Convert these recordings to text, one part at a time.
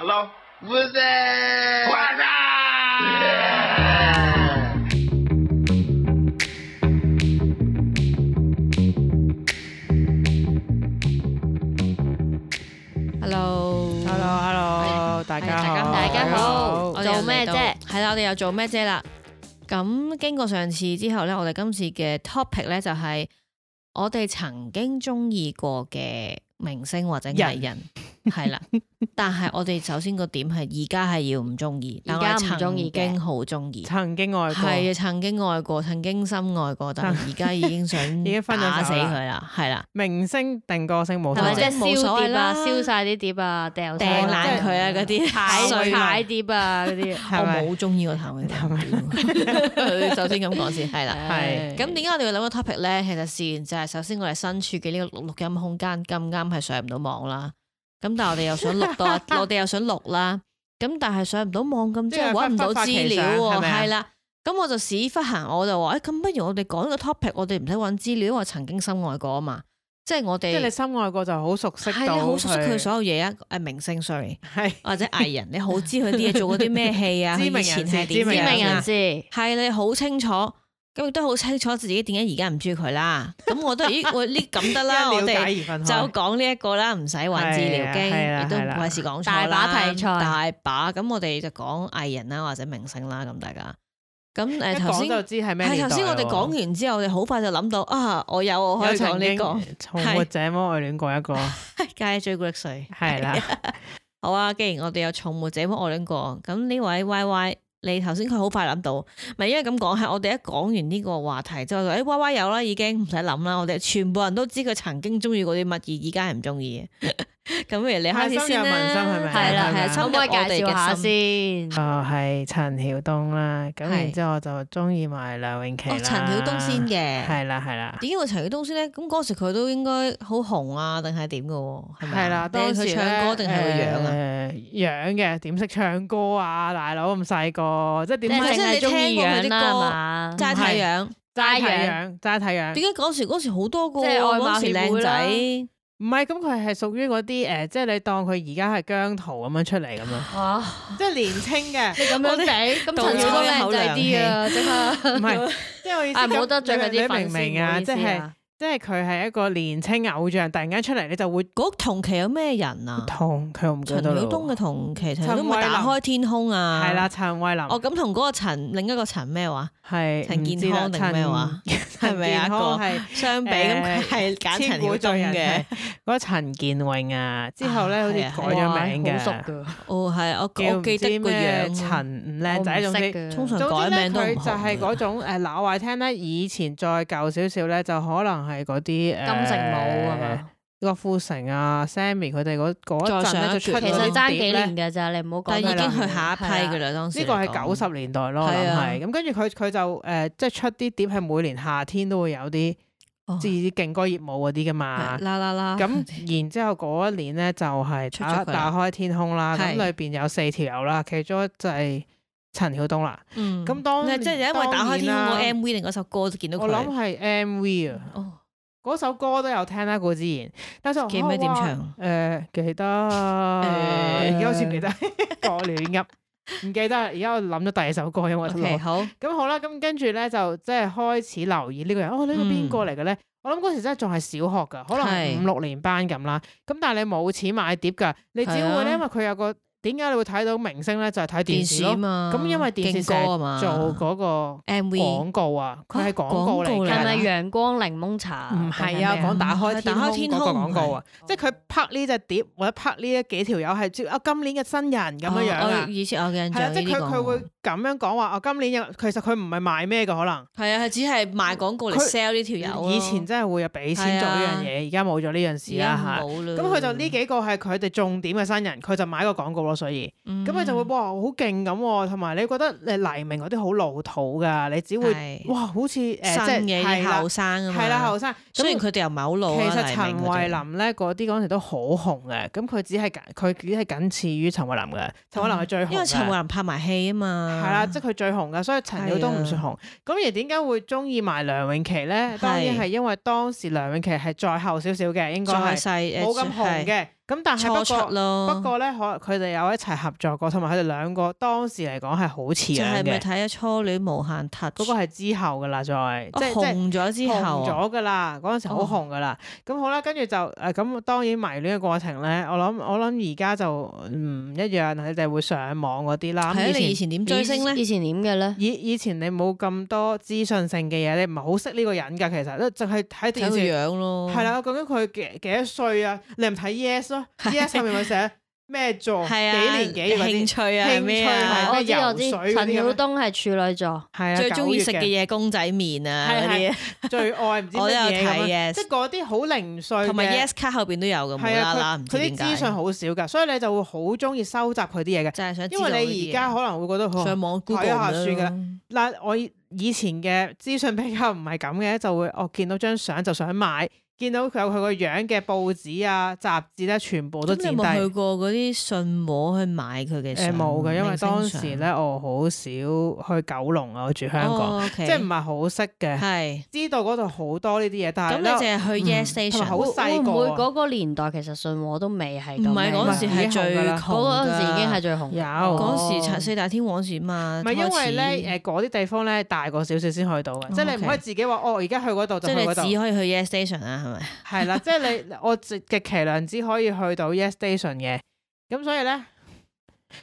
Hello，Hello，Hello，Hello，hello, Hi. 大家好，Hi. 大家好，大家好。做咩啫？係啦，我哋又做咩啫啦？咁經過上次之後咧，我哋今次嘅 topic 咧就係我哋曾經中意過嘅明星或者藝人。Yeah. 係啦，但係我哋首先個點係而家係要唔中意，而家唔中意，已經好中意，曾經愛過，係啊，曾經愛過，曾經深愛過，但係而家已經想打死佢啦，係啦，明星定歌星冇所謂，即係冇所謂啦，燒晒啲碟啊，掉爛佢啊，嗰啲踩踩碟啊，嗰啲，我冇中意個譚詠麟，首先咁講先，係啦，係，咁點解我哋會諗個 topic 咧？其實事緣就係首先我哋身處嘅呢個錄音空間，咁啱係上唔到網啦。咁 但係我哋又想錄到， 我哋又想錄啦。咁但係上唔到網，咁即係搵唔到資料。係啦，咁我就屎忽行，我就話，哎，咁不如我哋講個 topic，我哋唔使搵資料，因為我曾經深愛過啊嘛。即係我哋，即係你深愛過就好熟悉，係好熟悉佢所有嘢啊。誒，明星 sorry，係的 或者藝人，你好知佢啲嘢，做過啲咩戲啊？ 知名人士，知名人士，係你好清楚。咁亦都好清楚自己點、欸欸、 解而家唔中意佢啦。咁我都咦，我呢咁得啦，我哋就講呢一個啦，唔使揾治療經，亦都唔係事講錯啦。大把題材，大把。咁我哋就講藝人啦，或者明星啦。咁大家咁誒，頭先係頭先，呃啊、我哋講完之後，我哋好快就諗到啊，我有我可以講呢、這個《從沒這麼愛戀》過一個，梗係《朱古力碎》係啦是的。 好啊，既然我哋有《從沒這麼愛戀》過，咁呢位 Y Y。你頭先佢好快諗到，咪因為咁講係，我哋一講完呢個話題就話，是，誒，Y Y 有啦，已經唔使諗啦，我哋全部人都知佢曾經中意過嗰啲乜嘢，而家係唔中意。 咁，不如你開始先啦。係啦，深入介紹下先。哦，係陳曉東啦。咁然之後，我就中意埋梁詠琪，哦，陳曉東先嘅。係啦，係啦。點解會陳曉東先咧？咁嗰時佢都應該好紅啊，定係點噶？係啦。當時唱歌定係誒，樣嘅點識唱歌啊？大佬咁細個，即係點解即係你聽過佢啲歌嘛？齋睇樣，齋睇樣，齋睇樣。點解嗰時嗰時好多個？即係外貌協會啦。靚仔。唔係，咁佢係屬於嗰啲誒，即係你當佢而家係姜濤咁樣出嚟咁樣，哇即係年青嘅， 你咁樣比，咁陳曉都靚啲啊，即刻，唔係，即係我意思，唔好得罪佢啲，你明唔明啊，即係是。 即係佢係一個年輕偶像，突然間出嚟，你就會嗰同期有咩人啊？同佢唔記得咗。陳曉東嘅同期，陳慧琳打開天空啊，係啦，陳慧琳。哦，咁同嗰個陳，另一個陳咩話？係陳健康定咩話？咪啊？康係相比咁佢係揀陳曉東嘅嗰個陳建榮啊，之後咧好似改咗名好熟噶。哦，係我記得個樣，陳靚仔嗰啲，通常改名佢就係嗰種誒，嗱我話聽咧，以前再舊少少咧，就可能。係嗰啲金城武啊，郭富城啊，Sammy 佢哋嗰一陣咧，就其實爭幾年嘅咋，你唔好講嘅已經去下一批嘅啦，當時呢個係九十年代咯，係咁跟住佢佢就誒，即係出啲碟，係每年夏天都會有啲即係勁歌熱舞嗰啲噶嘛，啦啦啦。咁然之後嗰一年咧就係打打開天空啦，咁裏邊有四條友啦，其中一就係陳曉東啦。咁當即係因為打開天空個 MV 定嗰首歌就見到我諗係 MV 啊。嗰首歌都有聽啦，顧之言，但係我記唔記得點、啊、唱？誒、欸，記得，誒、欸，好似記得，過亂唔記得。而家我諗咗第二首歌，因為我、okay, 好，咁、嗯、好啦，咁跟住咧就即係開始留意呢個人。哦、啊，呢個邊個嚟嘅咧？嗯、我諗嗰時真係仲係小學噶，可能五六年班咁啦。咁是但係你冇錢買碟噶，你只會咧，的因為佢有個。點解你會睇到明星咧？就係睇電視。咁因為電視嘛，做嗰個廣告啊，佢係廣告嚟嘅。係咪陽光檸檬茶？唔係啊，講打開天空嗰個廣告啊，即係佢拍呢隻碟或者拍呢一幾條友係招啊今年嘅新人咁樣樣。以前我印象即係佢佢會咁樣講話。啊今年有其實佢唔係賣咩嘅可能。係啊，佢只係賣廣告嚟 sell 呢條友。以前真係會有俾錢做呢樣嘢，而家冇咗呢樣事啦。咁佢就呢幾個係佢哋重點嘅新人，佢就買個廣告。所以咁佢、嗯、就會哇好勁咁，同埋你覺得誒黎明嗰啲好老土噶，你只會是哇好似誒即係後生，係啦後生。呃、雖然佢哋又唔係好老。其實陳慧琳咧嗰啲當時都好紅嘅，咁佢只係佢只係僅次於陳慧琳嘅，陳慧琳係最紅。嗯、因為陳慧琳拍埋戲啊嘛，係啦，即係佢最紅噶，所以陳曉東唔算紅。咁而點解會中意埋梁詠琪咧？當然係因為當時梁詠琪係再後少少嘅，應該係冇咁紅嘅。咁但係不過不過咧，可佢哋有一齊合作過，同埋佢哋兩個當時嚟講係好似嘅。係咪睇咗初戀無限 touch？嗰個係之後噶啦，再、哦、即係紅咗之後、哦、紅咗噶啦，嗰陣時好紅噶啦。咁好啦，跟住就誒咁，當然迷戀嘅過程咧，我諗我諗而家就唔一樣，佢哋會上網嗰啲啦。係、啊、前你以前點追星咧？以前點嘅咧？以以前你冇咁多資訊性嘅嘢，你唔係好識呢個人㗎。其實咧，就係睇電視睇樣咯。係啦吧，究竟佢幾幾多歲啊？你唔睇 yes 咯？ES 下面咪寫咩座？係啊，幾年幾興趣啊？興趣係我知我知。陳曉東係處女座，係啊，最中意食嘅嘢公仔麵啊嗰啲，最愛唔知我有睇嘅，即係嗰啲好零碎。同埋 ES 卡後邊都有咁無啦啦，佢啲資訊好少噶，所以你就會好中意收集佢啲嘢嘅，就係想。因為你而家可能會覺得好上網 Google 下算噶。嗱，我以前嘅資訊比較唔係咁嘅，就會我見到張相就想買。見到佢有佢個樣嘅報紙啊、雜誌咧，全部都展示。冇去過嗰啲信和去買佢嘅？冇嘅，因為當時咧我好少去九龍啊，我住香港，即係唔係好識嘅。係知道嗰度好多呢啲嘢，但係咁你淨係去 Yes Station，好細個。唔會個年代其實信和都未係咁興。唔係嗰時係最紅，嗰時已經係最紅。有嗰時係四大天王時嘛？唔係因為咧誒嗰啲地方咧大個少少先去到嘅，即係你唔可以自己話哦，而家去嗰度就去嗰度。即係你只可以去 Yes Station 啦。係啦，即係你我極極其量只可以去到 Yes Station 嘅，咁所以咧，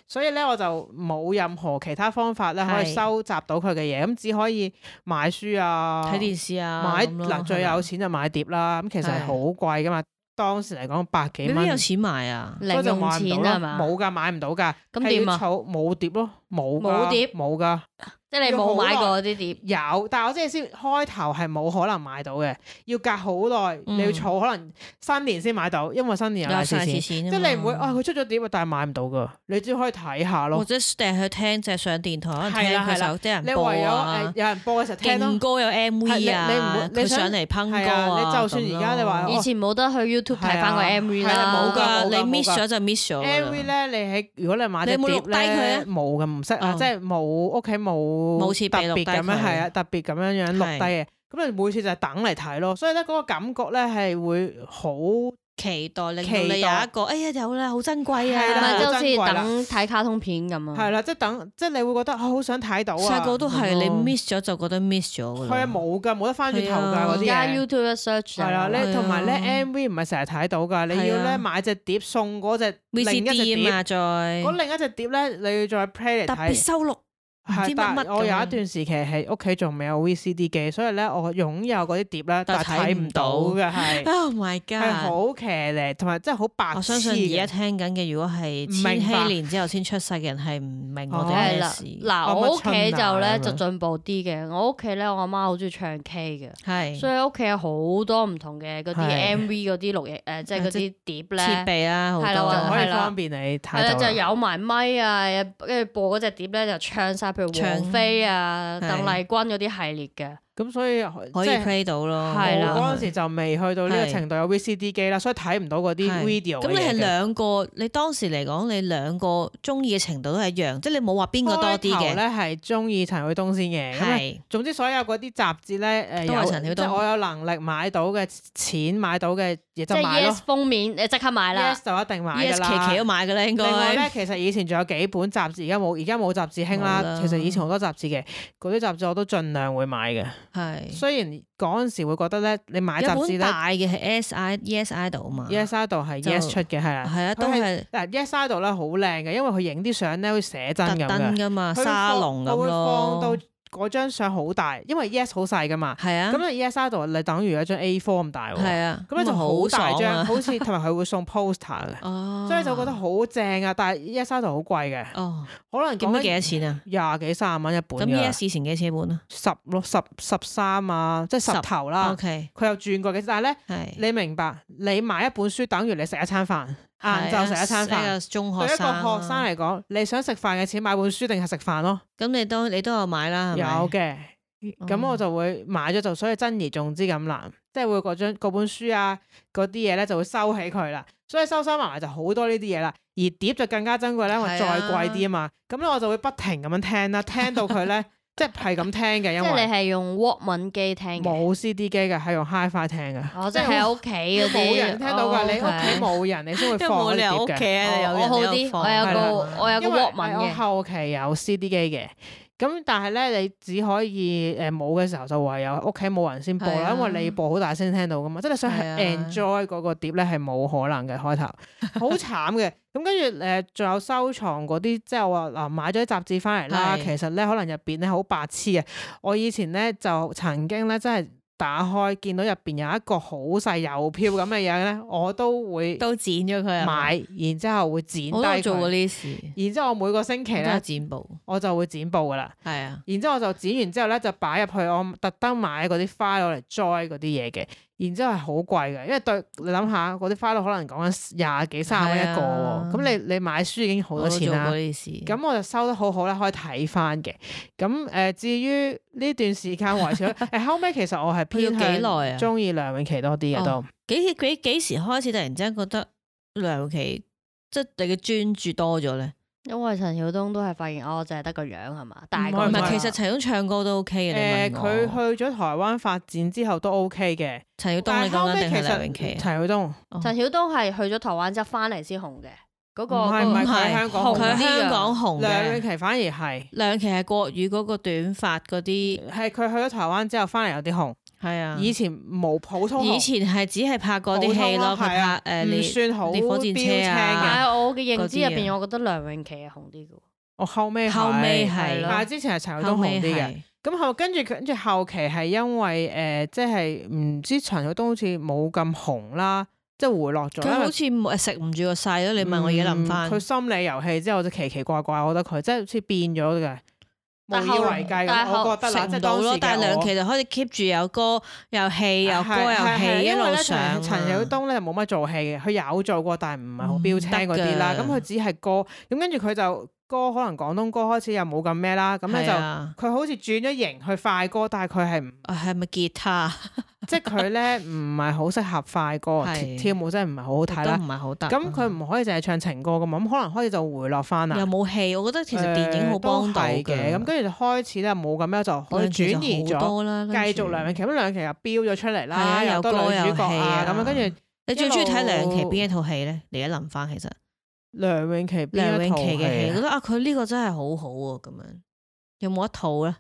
所以咧我就冇任何其他方法咧可以收集到佢嘅嘢，咁只可以買書啊，睇電視啊，買嗱最有錢就買碟啦，咁其實係好貴噶嘛，當時嚟講百幾蚊你有錢買啊，零用錢係咪？冇噶，買唔到噶，咁你儲冇碟咯，冇冇碟冇噶。即係你冇買過啲碟，有，但係我即係先開頭係冇可能買到嘅，要隔好耐，你要儲可能新年先買到，因為新年有啲錢。即係你唔會啊，佢出咗碟，但係買唔到噶，你只可以睇下咯。或者訂去聽，即係上電台聽佢就啲人播啊。你為咗有人播嘅時候聽歌有 M V 啊，你唔會你上嚟噴歌啊。你就算而家你話以前冇得去 YouTube 睇翻個 M V 啦，冇噶，你 miss 咗就 miss 咗。M V 咧，你喺如果你買啲碟佢冇嘅，唔識啊，即係冇屋企冇。冇似特別咁樣，係啊，特別咁樣樣錄低嘅。咁你每次就係等嚟睇咯。所以咧，嗰個感覺咧係會好期待，令到你有一個，哎呀，有啦，好珍貴啊，即好似等睇卡通片咁啊，係啦，即係等，即係你會覺得好想睇到啊。細個都係你 miss 咗就覺得 miss 咗。佢係冇噶，冇得翻轉頭噶嗰啲。加 YouTube search 係啦，同埋咧 MV 唔係成日睇到噶，你要咧買隻碟送嗰隻，另一隻碟，再嗰另一隻碟咧，你要再 play 嚟睇，收錄。係、啊，但係我有一段時期係屋企仲未有 VCD 機，所以咧我擁有嗰啲碟咧，但係睇唔到嘅係。Oh my god！係好騎呢，同埋真係好白痴。我相信而家聽緊嘅，如果係千禧年之後先出世嘅人係唔明我哋嗱、哦、我屋企就咧就進步啲嘅。我屋企咧，我阿媽好中意唱 K 嘅，係是，所以屋企有好多唔同嘅嗰啲 MV 嗰啲錄影誒，即係嗰啲碟咧。設備啦、啊，係啦，啊、就可以方便你睇到。係啦，就有埋咪啊，跟住播嗰隻碟咧，就唱晒。譬如王菲啊、鄧唱麗君嗰啲系列嘅。咁所以可以 play 到咯。我嗰陣時就未去到呢個程度有 VCD 機啦，的所以睇唔到嗰啲 video。咁你係兩個，你當時嚟講，你兩個中意嘅程度都係一樣，即係你冇話邊個多啲嘅。開頭係中意陳曉東先嘅。係的。總之所有嗰啲雜誌咧，誒、呃、有、就是、我有能力買到嘅錢買到嘅嘢就買咯。即 yes，封面你即刻買啦。Yes，就一定買㗎啦。期期、yes，都買㗎啦，應該。另外咧，其實以前仲有幾本雜誌，而家冇，而家冇雜誌興啦。其實以前好多雜誌嘅，嗰啲雜誌我都盡量會買嘅。係，是雖然嗰陣時會覺得咧，你買雜誌咧，大嘅係 ESI，ESI 度啊嘛，ESI 度係 ES 出嘅，係啦，係啊是，都係嗱，ESI 度咧好靚嘅，因為佢影啲相咧，好似寫真咁樣噶嘛，放沙龍咁咯。嗰張相好大，因為 Yes 好細㗎嘛，咁啊 Yes Idol 就等於一張 A4 咁大，咁樣就好大張，好似同埋佢會送 poster 嘅，所以就覺得好正啊！但係 Yes Idol 好貴嘅，可能講咗幾多錢啊？廿幾三十蚊一本咁 Yes 以前幾錢一本啊？十六、十十三啊，即係十頭啦。佢又轉過嘅，但係咧，你明白你買一本書等於你食一餐飯。晏晝食一餐飯，一啊、對一個學生嚟講，你想食飯嘅錢買本書定係食飯咯？咁你都你都有買啦，有嘅，咁我就會買咗就，所以珍而重之咁難，即係會嗰張本書啊，嗰啲嘢咧就會收起佢啦。所以收收埋埋就好多呢啲嘢啦，而碟就更加珍貴咧，我再貴啲啊嘛。咁咧、啊、我就會不停咁樣聽啦，聽到佢咧。 即係咁聽嘅，因為即係你係用 walkman 機聽嘅，冇 CD 機嘅，係用 HiFi 聽嘅，哦，即係喺屋企冇人聽到㗎，你屋企冇人，你先會放呢啲碟嘅。即係你喺屋企啊，我好啲，我有個我有個 walkman 嘅。我後期有 CD 機嘅，咁但係咧，你只可以誒冇嘅時候就唯有屋企冇人先播啦，因為你播好大聲聽到噶嘛，即係想 enjoy 嗰個碟咧係冇可能嘅，開頭好慘嘅。咁跟住誒，仲有收藏嗰啲，即係話嗱，買咗啲雜誌翻嚟啦。是的 其實咧，可能入邊咧好白痴啊！我以前咧就曾經咧，真係打開見到入邊有一個好細郵票咁嘅嘢咧，我都會都剪咗佢買，然之後會剪。我都做過呢事。然之後我每個星期咧剪報我就會剪報噶啦。係啊的，然之後我就剪完之後咧，就擺入去我特登買嗰啲花攞嚟栽嗰啲嘢嘅。然之後係好貴嘅，因為對你諗下嗰啲花都可能講緊廿幾三十蚊一個，咁、啊、你你買書已經好多錢啦。咁我，我就收得好好啦，可以睇翻嘅。咁誒、呃，至於呢段時間為止，誒 後尾其實我係偏向中意、啊、梁詠琪多啲嘅都。幾幾幾幾時開始突然之間覺得梁詠琪即係你嘅專注多咗咧？因為陳曉東都係發現哦，淨係得個樣係嘛，但係唔係其實陳曉東唱歌都 O K 嘅。誒，佢去咗台灣發展之後都 O K 嘅。陳曉東其實？定係梁詠琪陳曉東，陳曉東係去咗台灣之後翻嚟先紅嘅。嗰個唔係喺香港紅，喺香港紅。梁詠琪反而係，梁詠琪係國語嗰個短髮嗰啲，係佢去咗台灣之後翻嚟有啲紅。係啊，以前冇普通，以前係只係拍嗰啲戲咯，拍誒啲火戰車啊。但係我嘅認知入邊，我覺得梁詠琪係紅啲嘅。我後尾，後尾係，但係之前係陳曉東紅啲嘅。咁後跟住跟住後期係因為誒，即係唔知陳曉東好似冇咁紅啦，即係回落咗。佢好似食唔住個勢咯，你問我而家諗翻。佢心理遊戲之後就奇奇怪怪，我覺得佢即係好似變咗㗎。無以為繼，我覺得啦，到即係當時間我，但兩期就開始 keep 住有歌有戲，有歌有戲，是是是，一路上陳。陳曉東咧冇乜做戲嘅，佢有做過，但係唔係好標青嗰啲啦。咁佢、嗯、只係歌，咁跟住佢就。歌可能廣東歌開始又冇咁咩啦，咁咧就佢好似轉咗型去快歌，但係佢係唔係咪吉他？即係佢咧唔係好適合快歌，跳舞真係唔係好好睇啦，唔係好得。咁佢唔可以淨係唱情歌噶嘛？咁可能開始就回落翻啦。又冇戲，我覺得其實電影好幫到嘅。咁跟住就開始咧冇咁樣就轉移咗，繼續梁詠琪，咁梁詠琪又飆咗出嚟啦，有個女主角啊咁。跟住你最中意睇梁詠琪邊一套戲咧？你而家諗翻其實。梁詠琪，梁詠琪嘅戲，覺得啊，佢呢個真係好好啊，咁樣有冇一套咧？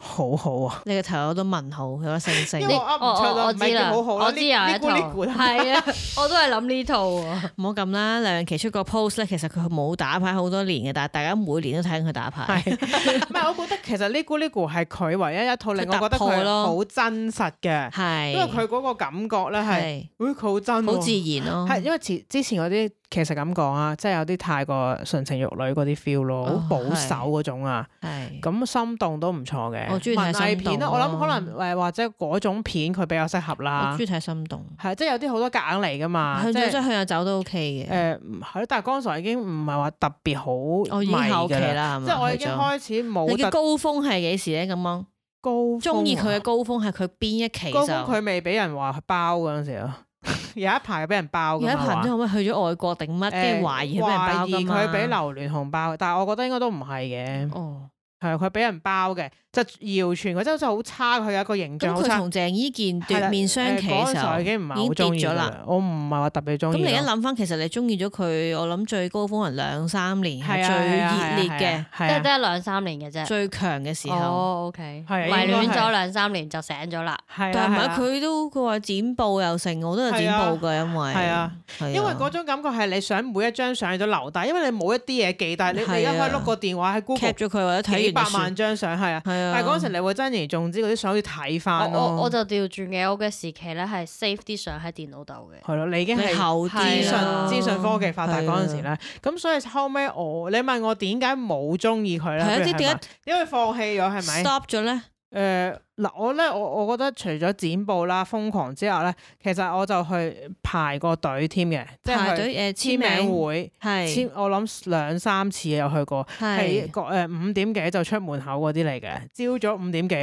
好好啊！你個頭友都問好，佢冇星星？呢個啱唔錯啦，演技好好啦。呢呢股呢係啊，我都係諗呢套。唔好咁啦，梁詠琪出個 post 咧，其實佢冇打牌好多年嘅，但係大家每年都睇緊佢打牌。唔係，我覺得其實呢股呢股係佢唯一一套令我覺得佢好真實嘅，係因為佢嗰個感覺咧係，佢好真，好自然咯。係因為之前嗰啲。其實咁講啊，即係有啲太過純情玉女嗰啲 feel 咯、哦，好保守嗰種啊。係是。咁心動都唔錯嘅。我中意睇心動。文藝片啦，我諗可能誒或者嗰種片佢比較適合啦。我中意睇心動。係，即係有啲好多格硬嚟㗎嘛。去即係即係向左走、向右走都 OK 嘅。誒，係咯，但係江瑋已經唔係話特別好我已經，我後期啦，係咪？即係我已經開始冇。你嘅高峰係幾時咧？咁樣高。中意佢嘅高峰係佢邊一期就？高峰佢未俾人話佢包嗰陣時啊？ 有一排俾人包嘅，有一排之後咩去咗外國定乜，跟住懷疑係俾人包嘛。佢俾劉鑾雄包，但係我覺得應該都唔係嘅。哦，係佢俾人包嘅。就謠傳佢真係好差，佢有一個形象好差。同鄭伊健斷面相期嘅時候已經唔係咗啦。我唔係話特別中意。咁你一諗翻，其實你中意咗佢，我諗最高峰係兩三年，係最熱烈嘅，即係得兩三年嘅啫。最強嘅時候，哦，OK，係迷戀咗兩三年就醒咗啦。但係佢都佢話剪報又成，我都係剪報嘅，因為係啊，因為嗰種感覺係你想每一張相都留低，因為你冇一啲嘢記，但係你你一開碌個電話喺 Google 幾百萬張相係啊。啊、但係嗰陣時你、啊，你會珍而重之嗰啲相要睇翻我我，我就調轉嘅，我嘅時期咧係 save 啲相喺電腦度嘅。係咯，你已經後資訊、啊、資訊科技發達嗰陣時咧，咁、啊啊、所以後尾我你問我點解冇中意佢咧？係、啊、一啲點解？因為放棄咗係咪？Stop 咗咧？誒，嗱、呃，我咧，我我覺得除咗展布啦、瘋狂之後咧，其實我就去排過隊添嘅，即係排隊誒簽名會，係、呃、簽，簽我諗兩三次有去過，係誒五點幾就出門口嗰啲嚟嘅，朝早五點幾，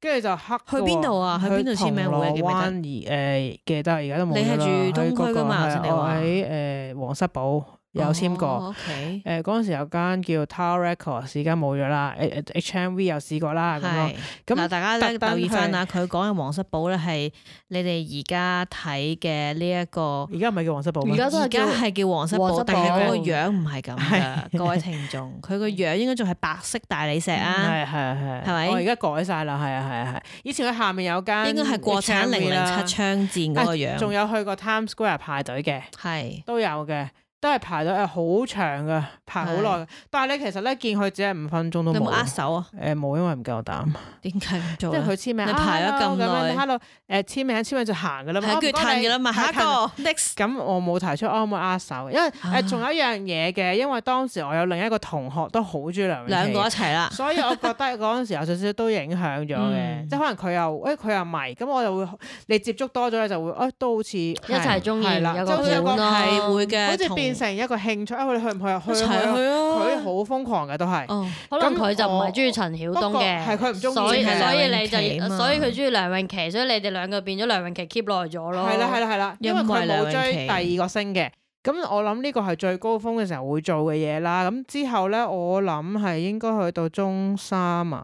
跟住就黑去邊度啊？去邊度簽名會？記得誒嘅，呃、記得，而家都冇。你係住東區㗎嘛？那個、你我喺誒黃室堡。有簽過，誒，嗰陣時有間叫 Tower Records，而家冇咗啦。HMV 有試過啦。係咁，大家留意返啊，佢講嘅黃室寶咧係你哋而家睇嘅呢一個。而家唔係叫黃室寶咩？而家都係叫黃室寶，但係嗰個樣唔係咁嘅，各位聽眾。佢個樣應該仲係白色大理石啊。係係係，係咪？我而家改晒啦，係啊係啊係。以前佢下面有間，應該係國產零七槍戰嗰個樣。仲有去過 Times Square 派隊嘅，係都有嘅。都係排隊誒，好長嘅，排好耐嘅。但係你其實咧，見佢只係五分鐘都冇。握手啊？誒冇，因為唔夠膽。點解唔做？即係佢簽名，你排咗咁耐。Hello，誒簽名簽名就行嘅啦嘛，決㗎啦嘛。一個咁我冇提出安唔安握手，因為仲有一樣嘢嘅，因為當時我有另一個同學都好中意梁，兩個一齊啦。所以我覺得嗰陣時有少少都影響咗嘅，即係可能佢又佢又迷，咁我就會你接觸多咗咧，就會都好似一齊中意啦，有個係會嘅。變成一個興趣啊！佢去唔去啊？去了去去啊！佢好瘋狂嘅都係，咁佢、哦、就唔係中意陳曉東嘅，係佢唔中意所以你就所以佢中意梁詠琪，所以你哋兩個變咗梁詠琪 keep 耐咗咯。係啦係啦係啦，因為佢冇追第二個星嘅。咁我諗呢個係最高峰嘅時候會做嘅嘢啦。咁之後咧，我諗係應該去到中三啊，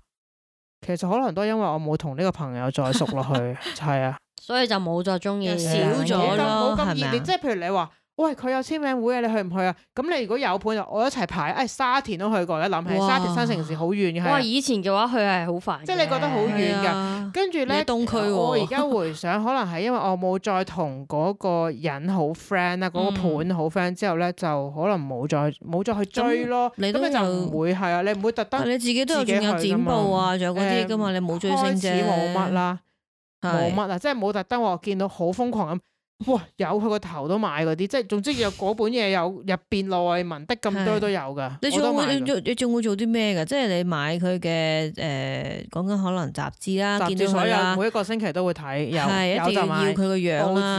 其實可能都因為我冇同呢個朋友再熟落去，係啊 的， 所以就冇再中意少咗冇咁係咪啊？嗎即係譬如你話。喂，佢有簽名會啊，你去唔去啊？咁你如果有盤，我一齊排。誒，沙田都去過，一諗起沙田新城市好遠嘅。哇，以前嘅話佢係好煩，即係你覺得好遠噶。跟住咧，我而家回想，可能係因為我冇再同嗰個人好 friend 啦，嗰個盤好 friend 之後咧，就可能冇再冇再去追咯。咁你就唔會係啊？你唔會特登？你自己都係轉有展布啊，仲有嗰啲噶嘛？你冇追星啫。冇乜啦，冇乜啦，即係冇特登我見到好瘋狂咁。哇，有佢個頭都買嗰啲，即係總之有嗰本嘢有入邊內文的咁多都有噶。你仲會你仲會做啲咩噶？即係你買佢嘅誒，講緊可能雜誌啦，雜誌所有每一個星期都會睇，有有就買。仲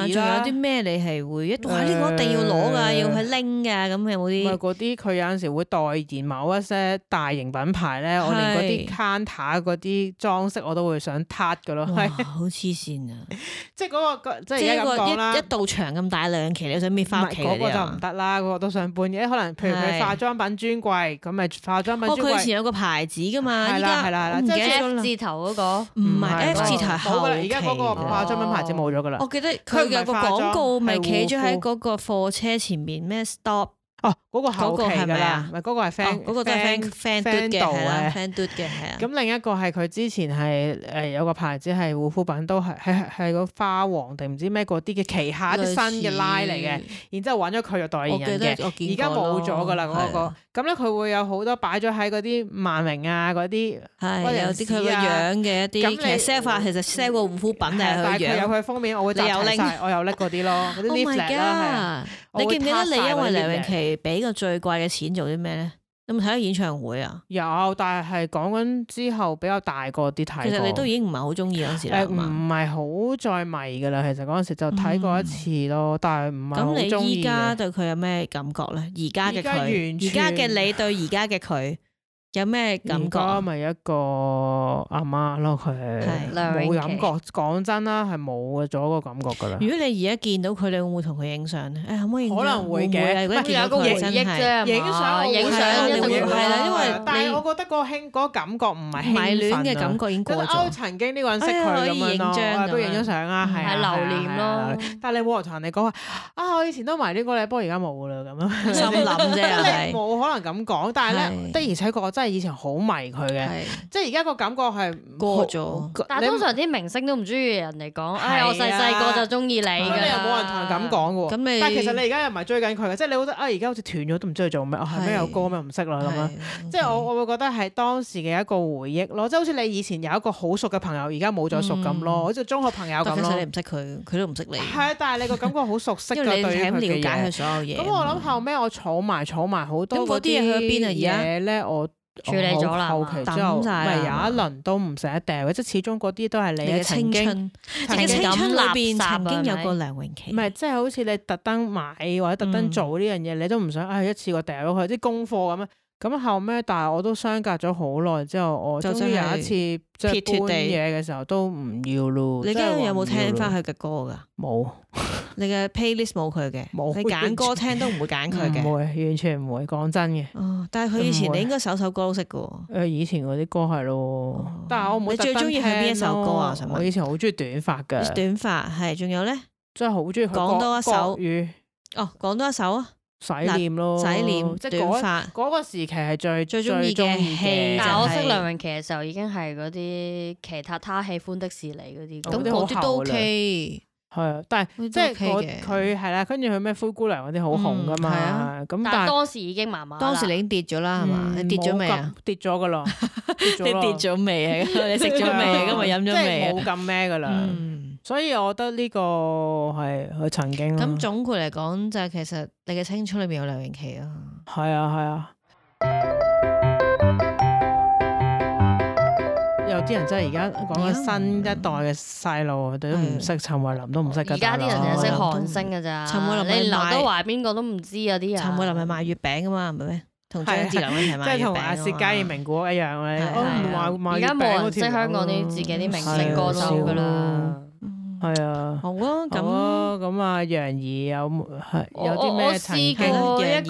有啲咩你係會一定要攞噶，要去拎噶，咁有冇啲？咪嗰啲佢有陣時會代言某一些大型品牌咧，我哋嗰啲 counter 嗰啲裝飾我都會想撻噶咯。哇，好黐線啊！即係嗰個，即係而家咁講啦。一道牆咁大兩期，你想變翻期嗰個就唔得啦。嗰個都想半嘢，可能譬如佢化妝品專櫃，咁咪化妝品專櫃。不過佢以前有個牌子噶嘛，依家唔記得。F 字頭嗰、嗰個唔係是的 F 字頭，而家嗰個化妝品牌子冇咗噶啦。哦、我記得佢有個廣告咪企咗喺嗰個貨車前面咩 stop。哦，嗰個口，係咪啊？唔係嗰個係 fan 嗰個都係 fan fan do 嘅 fan do 嘅係啊。咁另一個係佢之前係誒有個牌子係護膚品都係係係個花王定唔知咩嗰啲嘅旗下啲新嘅 line 嚟嘅，然之後揾咗佢又代言人而家冇咗噶啦嗰個。咁咧佢會有好多擺咗喺嗰啲萬榮啊嗰啲，或者有啲佢個樣嘅一啲，其實 sell 化其實 sell 個護膚品啊，但有佢封面，我又拎，我有拎嗰啲咯。Oh my god！你記唔記得你因為梁詠琪？誒，俾個最貴嘅錢做啲咩咧？有冇睇過演唱會啊？有，但係講緊之後比較大個啲睇。其實你都已經唔係好中意嗰陣時啦，唔係好再迷噶啦。其實嗰陣時就睇過一次咯，嗯、但係唔係好中意。咁你依家對佢有咩感覺咧？而家嘅佢，而家嘅你對而家嘅佢。有咩感覺？而家咪一個阿媽咯，佢冇感覺。講真啦，係冇咗個感覺㗎喇。如果你而家見到佢，你會唔會同佢影相咧？誒，可唔可以？可能會嘅，因為有個回憶啫。影相，影相，一定會係啦。因為，但係我覺得個興，嗰感覺唔係興奮嘅感覺，已經過咗。曾經呢個人識佢咁樣咯，都影咗相啊，係啊，係留念咯。但係你冇可能同人哋講話啊！我以前都迷戀過你，不過而家冇啦，咁樣心諗啫。冇可能咁講，但係咧的而且確真係。以前好迷佢嘅，即係而家個感覺係過咗。但係通常啲明星都唔中意人嚟講，唉，我細細個就中意你嘅。咁又冇人同佢咁講喎。但其實你而家又唔係追緊佢嘅，即係你覺得啊，而家好似斷咗都唔知佢做咩，啊，係咩有歌咩又唔識啦咁樣。即係我我會覺得係當時嘅一個回憶咯，即係好似你以前有一個好熟嘅朋友，而家冇再熟咁咯，好似中學朋友咁咯。即使你唔識佢，佢都唔識你。係啊，但係你個感覺好熟悉，因為你挺了解佢所有嘢。咁我諗後尾我坐埋坐埋好多啲嘢咧，我。處理咗啦，後期之後唔係有一輪都唔捨得掉，即係始終嗰啲都係你嘅青春，曾經垃圾，曾經有個梁詠琪，唔係即係好似你特登買或者特登做呢樣嘢，嗯、你都唔想唉、哎、一次過掉咗佢，即係功課咁樣。咁後尾，但係我都相隔咗好耐之後，我終於有一次即係搬嘢嘅時候都唔要咯。你今日有冇聽翻佢嘅歌噶？冇，你嘅 playlist 冇佢嘅，冇。你揀歌聽都唔會揀佢嘅，唔會，完全唔會。講真嘅，哦，但係佢以前你應該首首歌都識噶。誒，以前嗰啲歌係咯，但係我唔會。你最中意係邊一首歌啊？我以前好中意短髮噶，短髮係。仲有咧，真係好中意。講多一首，哦，講多一首啊！洗臉咯，洗臉即係嗰個時期係最最中意嘅戲。但係我識梁詠琪嘅時候，已經係嗰啲其他他喜歡迪士尼嗰啲。咁嗰啲都 OK，係啊。但係即係佢佢係啦，跟住佢咩灰姑娘嗰啲好紅噶嘛。咁但係當時已經麻麻，當時你已經跌咗啦係嘛？跌咗未？跌咗噶咯，你跌咗未？你食咗未啊？今日飲咗未啊？冇咁咩噶啦。所以我覺得呢個係佢曾經。咁總括嚟講，就係其實你嘅青春裏面有梁詠琪啊。係啊係啊。有啲人真係而家講緊新一代嘅細路，佢哋都唔識陳慧琳都唔識。而家啲人淨係識韓星㗎咋？陳慧琳你劉德華邊個都唔知啊！啲人陳慧琳係賣月餅㗎嘛，係咪咩？同張智霖一齊賣月餅，即係同阿薛佳爾明古一樣。而家冇人識香港啲自己啲明星歌手㗎啦。係啊，好啊，咁咁啊，楊怡有係有啲咩曾經嘅嘢？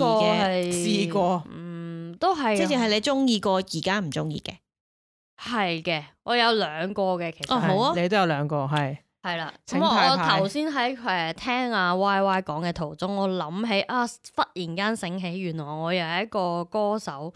試過，嗯，都係，之前係你中意過而家唔中意嘅，係嘅，我有兩個嘅，其實好啊，你都有兩個係，係啦。咁、啊、太我頭先喺誒聽啊 Y Y 講嘅途中，我諗起啊，忽然間醒起，原來我又係一個歌手。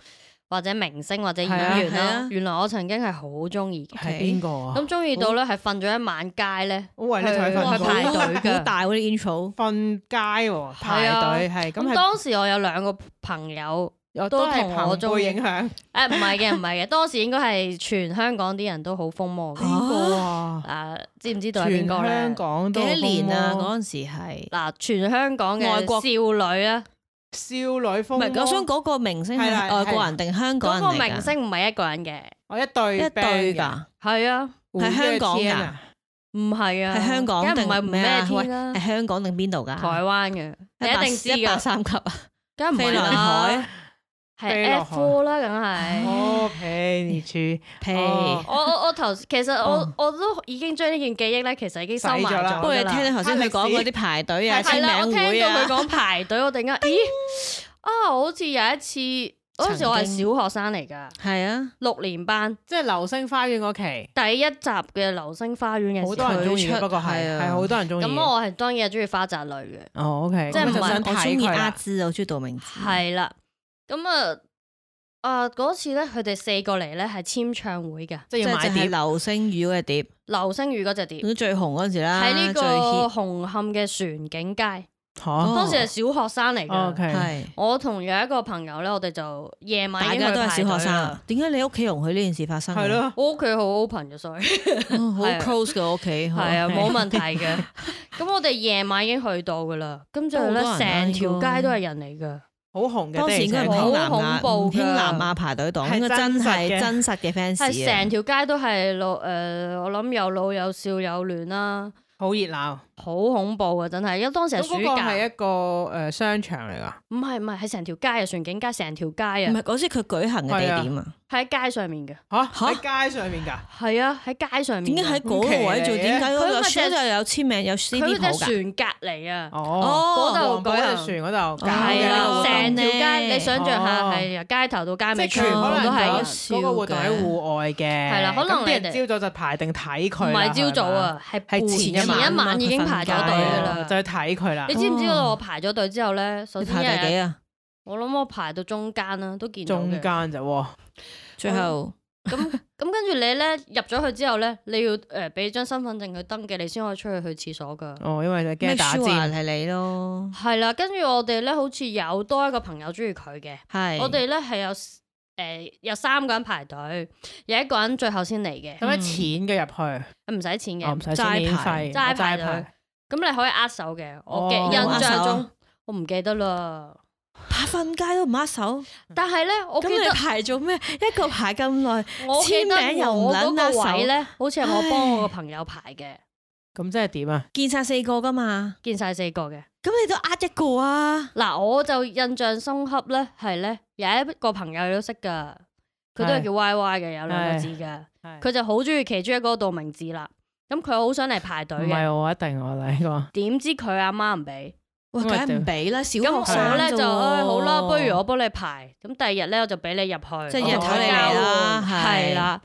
或者明星或者演員咧，啊，啊啊，原來我曾經係好中意嘅。係邊個啊？咁中意到咧，係瞓咗一晚街咧。喂你同佢，啊、排隊嘅好大啲煙草瞓街，啊，排隊係。咁，啊嗯，當時我有兩個朋友都同我做影響。誒唔係嘅唔係嘅，當時應該係全香港啲人都好瘋魔嘅。邊 啊？知唔知道係邊個咧？香港都幾年啊。嗰陣時係嗱，啊、全香港嘅少女啊！少女風唔係，我想嗰個明星係外國人定香港人嚟嘅？嗰個明星唔係一個人嘅，我一對一對噶，係啊，係香港噶，唔係啊，係香港定咩天啦？係香港定邊度噶？台灣嘅，你一定試過，八三級啊，梗係唔係啦。係 F4 啦，梗係。O K，而住。皮，我我我頭，其實我我都已經將呢件記憶咧，其實已經收埋咗啦。不過我聽頭先佢講嗰啲排隊啊、簽名會啊。係啦，我聽到佢講排隊，我突然間，咦啊，好似有一次，嗰陣時我係小學生嚟㗎。係啊，六年班，即係流星花園嗰期第一集嘅流星花園嘅。好多人中意，不過係係好多人中意。咁我係當然係中意花澤類嘅。哦，O K，即係唔係我中意啊字，我中意道明寺。係啦。咁啊啊嗰次咧，佢哋四個嚟咧係簽唱會嘅，即係要買碟《流星雨》嗰隻碟，《流星雨》嗰隻碟。最紅嗰時啦，喺呢個紅磡嘅船景街。嚇、哦！當時係小學生嚟嘅，係 okay 我同有一個朋友咧，我哋就夜晚。大家都係小學生啊？點解你屋企容許呢件事發生？係咯，我屋企好 open 嘅，所以好 close 嘅屋企。係啊，冇問題嘅。咁 我哋夜晚已經去到㗎喇，咁就咧成條街都係人嚟㗎。好紅嘅，當時佢係好恐怖。天南亞排隊黨，真係真實嘅 fans，係成條街都係老誒、呃，我諗有老有少有嫩啦、啊，好熱鬧。好恐怖啊！真係，因為當時係暑假。係一個誒商場嚟㗎。唔係唔係，係成條街啊！船景街成條街啊！唔係嗰時佢舉行嘅地點啊，喺街上面嘅。喺街上面㗎。係啊，喺街上面。點解喺嗰個位做？點解嗰度？嗰度有簽名，有 CD 九㗎。船隔籬啊！哦，嗰度嗰隻船嗰度。係啊，成條街你想象下係由街頭到街尾。全部都係嗰個活動喺戶外嘅。係啦，可能你朝早就排定睇佢。唔係朝早啊，係前前一晚已經。排咗隊啦，就去睇佢啦。你知唔知道我排咗隊之後咧？首先你排第幾啊？我諗我排到中間啦，都見到嘅。中間啫，最後咁咁，跟住你咧入咗去之後咧，你要誒俾張身份證去登記，你先可以出去去廁所噶哦，因為驚打字係你咯。係啦，跟住我哋咧，好似有多一個朋友中意佢嘅。係我哋咧係有誒有三個人排隊，有一個人最後先嚟嘅。咁樣錢嘅入去，唔使錢嘅，唔使錢排，排隊。咁你可以握手嘅，我嘅印象中我唔記得啦。吓、哦，瞓街都唔握手？握手但係咧，我咁你排做咩？一個排咁耐，我簽 名又唔捻握手咧？好似係我幫我個朋友排嘅。咁即係點啊？見晒四個噶嘛？見晒四個嘅。咁你都握一個啊？嗱，我就印象深刻咧，係咧有一個朋友你都識噶，佢都係叫 Y Y 嘅，有兩個字嘅，佢就好中意其中一個道明寺啦。咁佢好想嚟排隊，唔係我一定我嚟個。點知佢阿媽唔俾，哇，梗係唔俾啦，小學咧就，唉，好啦，不如我幫你排，咁第二日咧我就俾你入去，即係日睇你啦，係啦，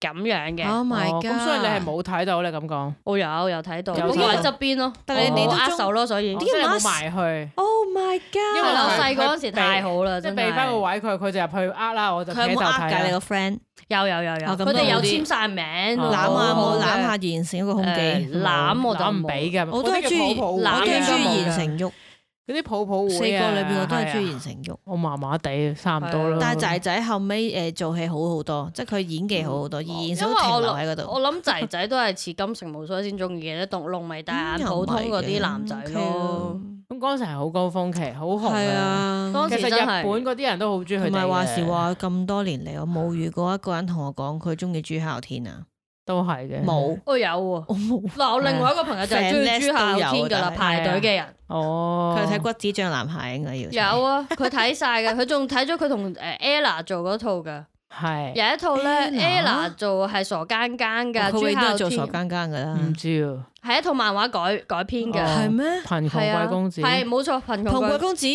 咁樣嘅。Oh my god！咁所以你係冇睇到你咁講，我有有睇到，有位側邊咯，但係你都握手咯，所以攞埋去。Oh my god！因為我細個嗰陣時太好啦，即係俾翻個位，佢佢就入去呃啦，我就佢唔好呃你個 friend。有有有有，佢哋有簽晒名，攬下冇攬下，言承旭一個胸肌攬，我都唔俾噶。我都中意攬，我都中意言承旭嗰啲抱抱。四個裏邊我都係中意言承旭。我麻麻地，差唔多咯。但係仔仔後尾誒做戲好好多，即係佢演技好好多，而演手停喺度。我諗仔仔都係似金城武先中意嘅，一棟濃眉大眼普通嗰啲男仔咯。咁嗰陣時係好高峰期，好紅啊！當時其實真日本啲人都好中意佢唔嘅。同埋話事話咁多年嚟，我冇遇過一個人同我講佢中意朱孝天啊，啊都係嘅。冇有，我有喎、啊，我冇。嗱，我另外一個朋友就係中意朱孝天㗎啦、啊，排隊嘅人、啊。哦，佢睇《骨子將男孩》應該要。有啊，佢睇晒㗎，佢仲睇咗佢同誒 Ella 做嗰套㗎。係有是一套咧，Ella 做係傻更更噶，朱孝天做傻更更噶啦，唔知啊。係一套漫畫改改編噶，係咩、哦？貧窮貴公子係冇錯，貧窮貴公子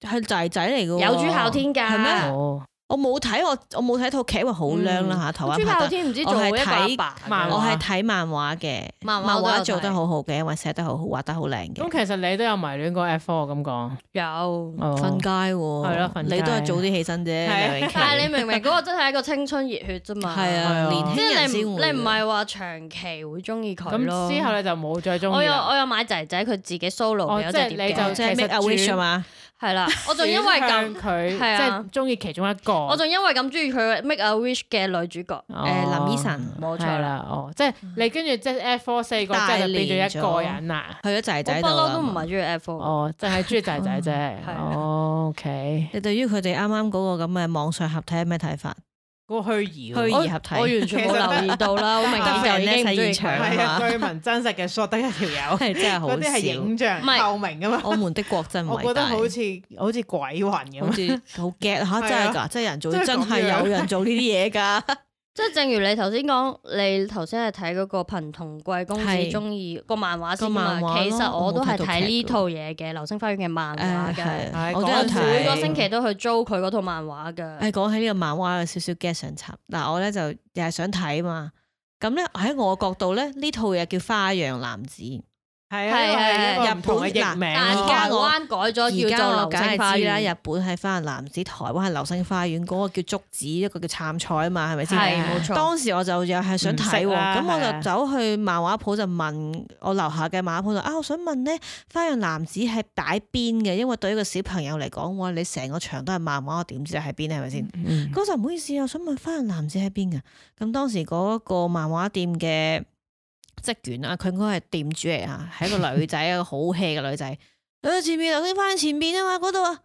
係仔仔嚟噶，有朱孝天噶，係咩、哦？我冇睇我我冇睇套劇話好靚啦吓，台灣拍得。我係睇漫畫，我係睇漫畫嘅。漫畫做得好好嘅，因為寫得好好，畫得好靚嘅。咁其實你都有迷戀過 F4 咁講。有瞓街係咯，你都係早啲起身啫。但係你明明嗰個真係一個青春熱血啫嘛。係啊，年輕人即係你唔你唔係話長期會中意佢。咁之後你就冇再中意。我有我有買仔仔佢自己 solo 嘅一隻碟。即係 make a wish 嘛。係啦，我仲因為咁，佢， 係啊，中意其中一個。 啊、我仲因為咁中意佢《Make a Wish》嘅女主角，誒、哦，林依晨，冇錯啦，哦，嗯、即係你跟住即係 F4 四個之後就變咗一個人啊，去咗仔仔不嬲都唔係中意 F4，哦，淨係中意仔仔啫。哦，OK。你對於佢哋啱啱嗰個咁嘅網上合體有咩睇法？個虛擬、啊，虛擬合體我，我完全冇留意到啦。 我明的就候已經中意佢啦。係啊，居民真實嘅 shot 得一條友，係 真係好少。嗰啲係影像透明噶嘛。是 我們的國真的 我覺得好似好似鬼魂咁。 好似好 get 吓，真係噶，即係 人做 真係有人做呢啲嘢噶。 即係正如你頭先講，你頭先係睇嗰個《貧同貴公子》，中意個漫畫先嘛？是其實我，我都係睇呢套嘢嘅《流星花園》嘅漫畫嘅，我都睇，每個星期都去租佢嗰套漫畫嘅。誒、哎，講起呢個漫畫有少少 guess 上集嗱，我咧就又係想睇啊嘛。咁咧喺我角度咧，呢套嘢叫《花樣男子》。係係日本譯名，台灣改咗叫做流星花園。日本係花樣男子，台灣係流星花園。嗰、嗰個叫竹子，一個叫杉菜啊嘛，係咪先？係冇錯。當時我就又係想睇，咁、啊、我就走去漫畫鋪就問我樓下嘅漫畫鋪度啊，我想問咧，花樣男子係擺邊嘅？因為對一個小朋友嚟講，你成個場都係漫畫，我點知你喺邊咧？係咪先？嗯。咁唔好意思，我想問花樣男子喺邊啊？咁當時嗰個漫畫店嘅。職員啊！佢應該係店主嚟啊，係一個女仔， 一個好 hea 嘅女仔。誒、呃，前面頭先，翻前面啊嘛，嗰度啊。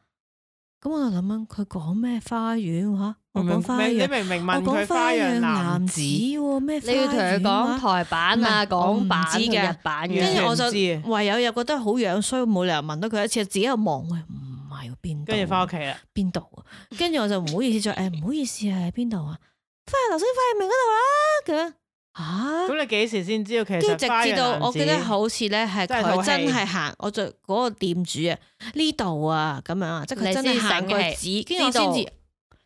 咁我就諗緊佢講咩花園話，我講花你明唔明？我講花樣男子喎，咩花園？你要同佢講台版啊，港版嘅日版嘅。跟住我就唯有又覺得好樣衰，冇理由問到佢一次，自己又望，喂，唔係邊？跟住翻屋企啦。邊度？跟住我就唔好意思，再、欸，誒唔好意思啊，喺邊度啊？返去頭先，花、啊、樣咪嗰度啦咁。啊！咁你幾時先知道？其實直至到我記得好似咧，係佢真係行我最嗰、那個店主啊呢度啊咁樣啊，樣即係佢真係行個紙，跟住我先至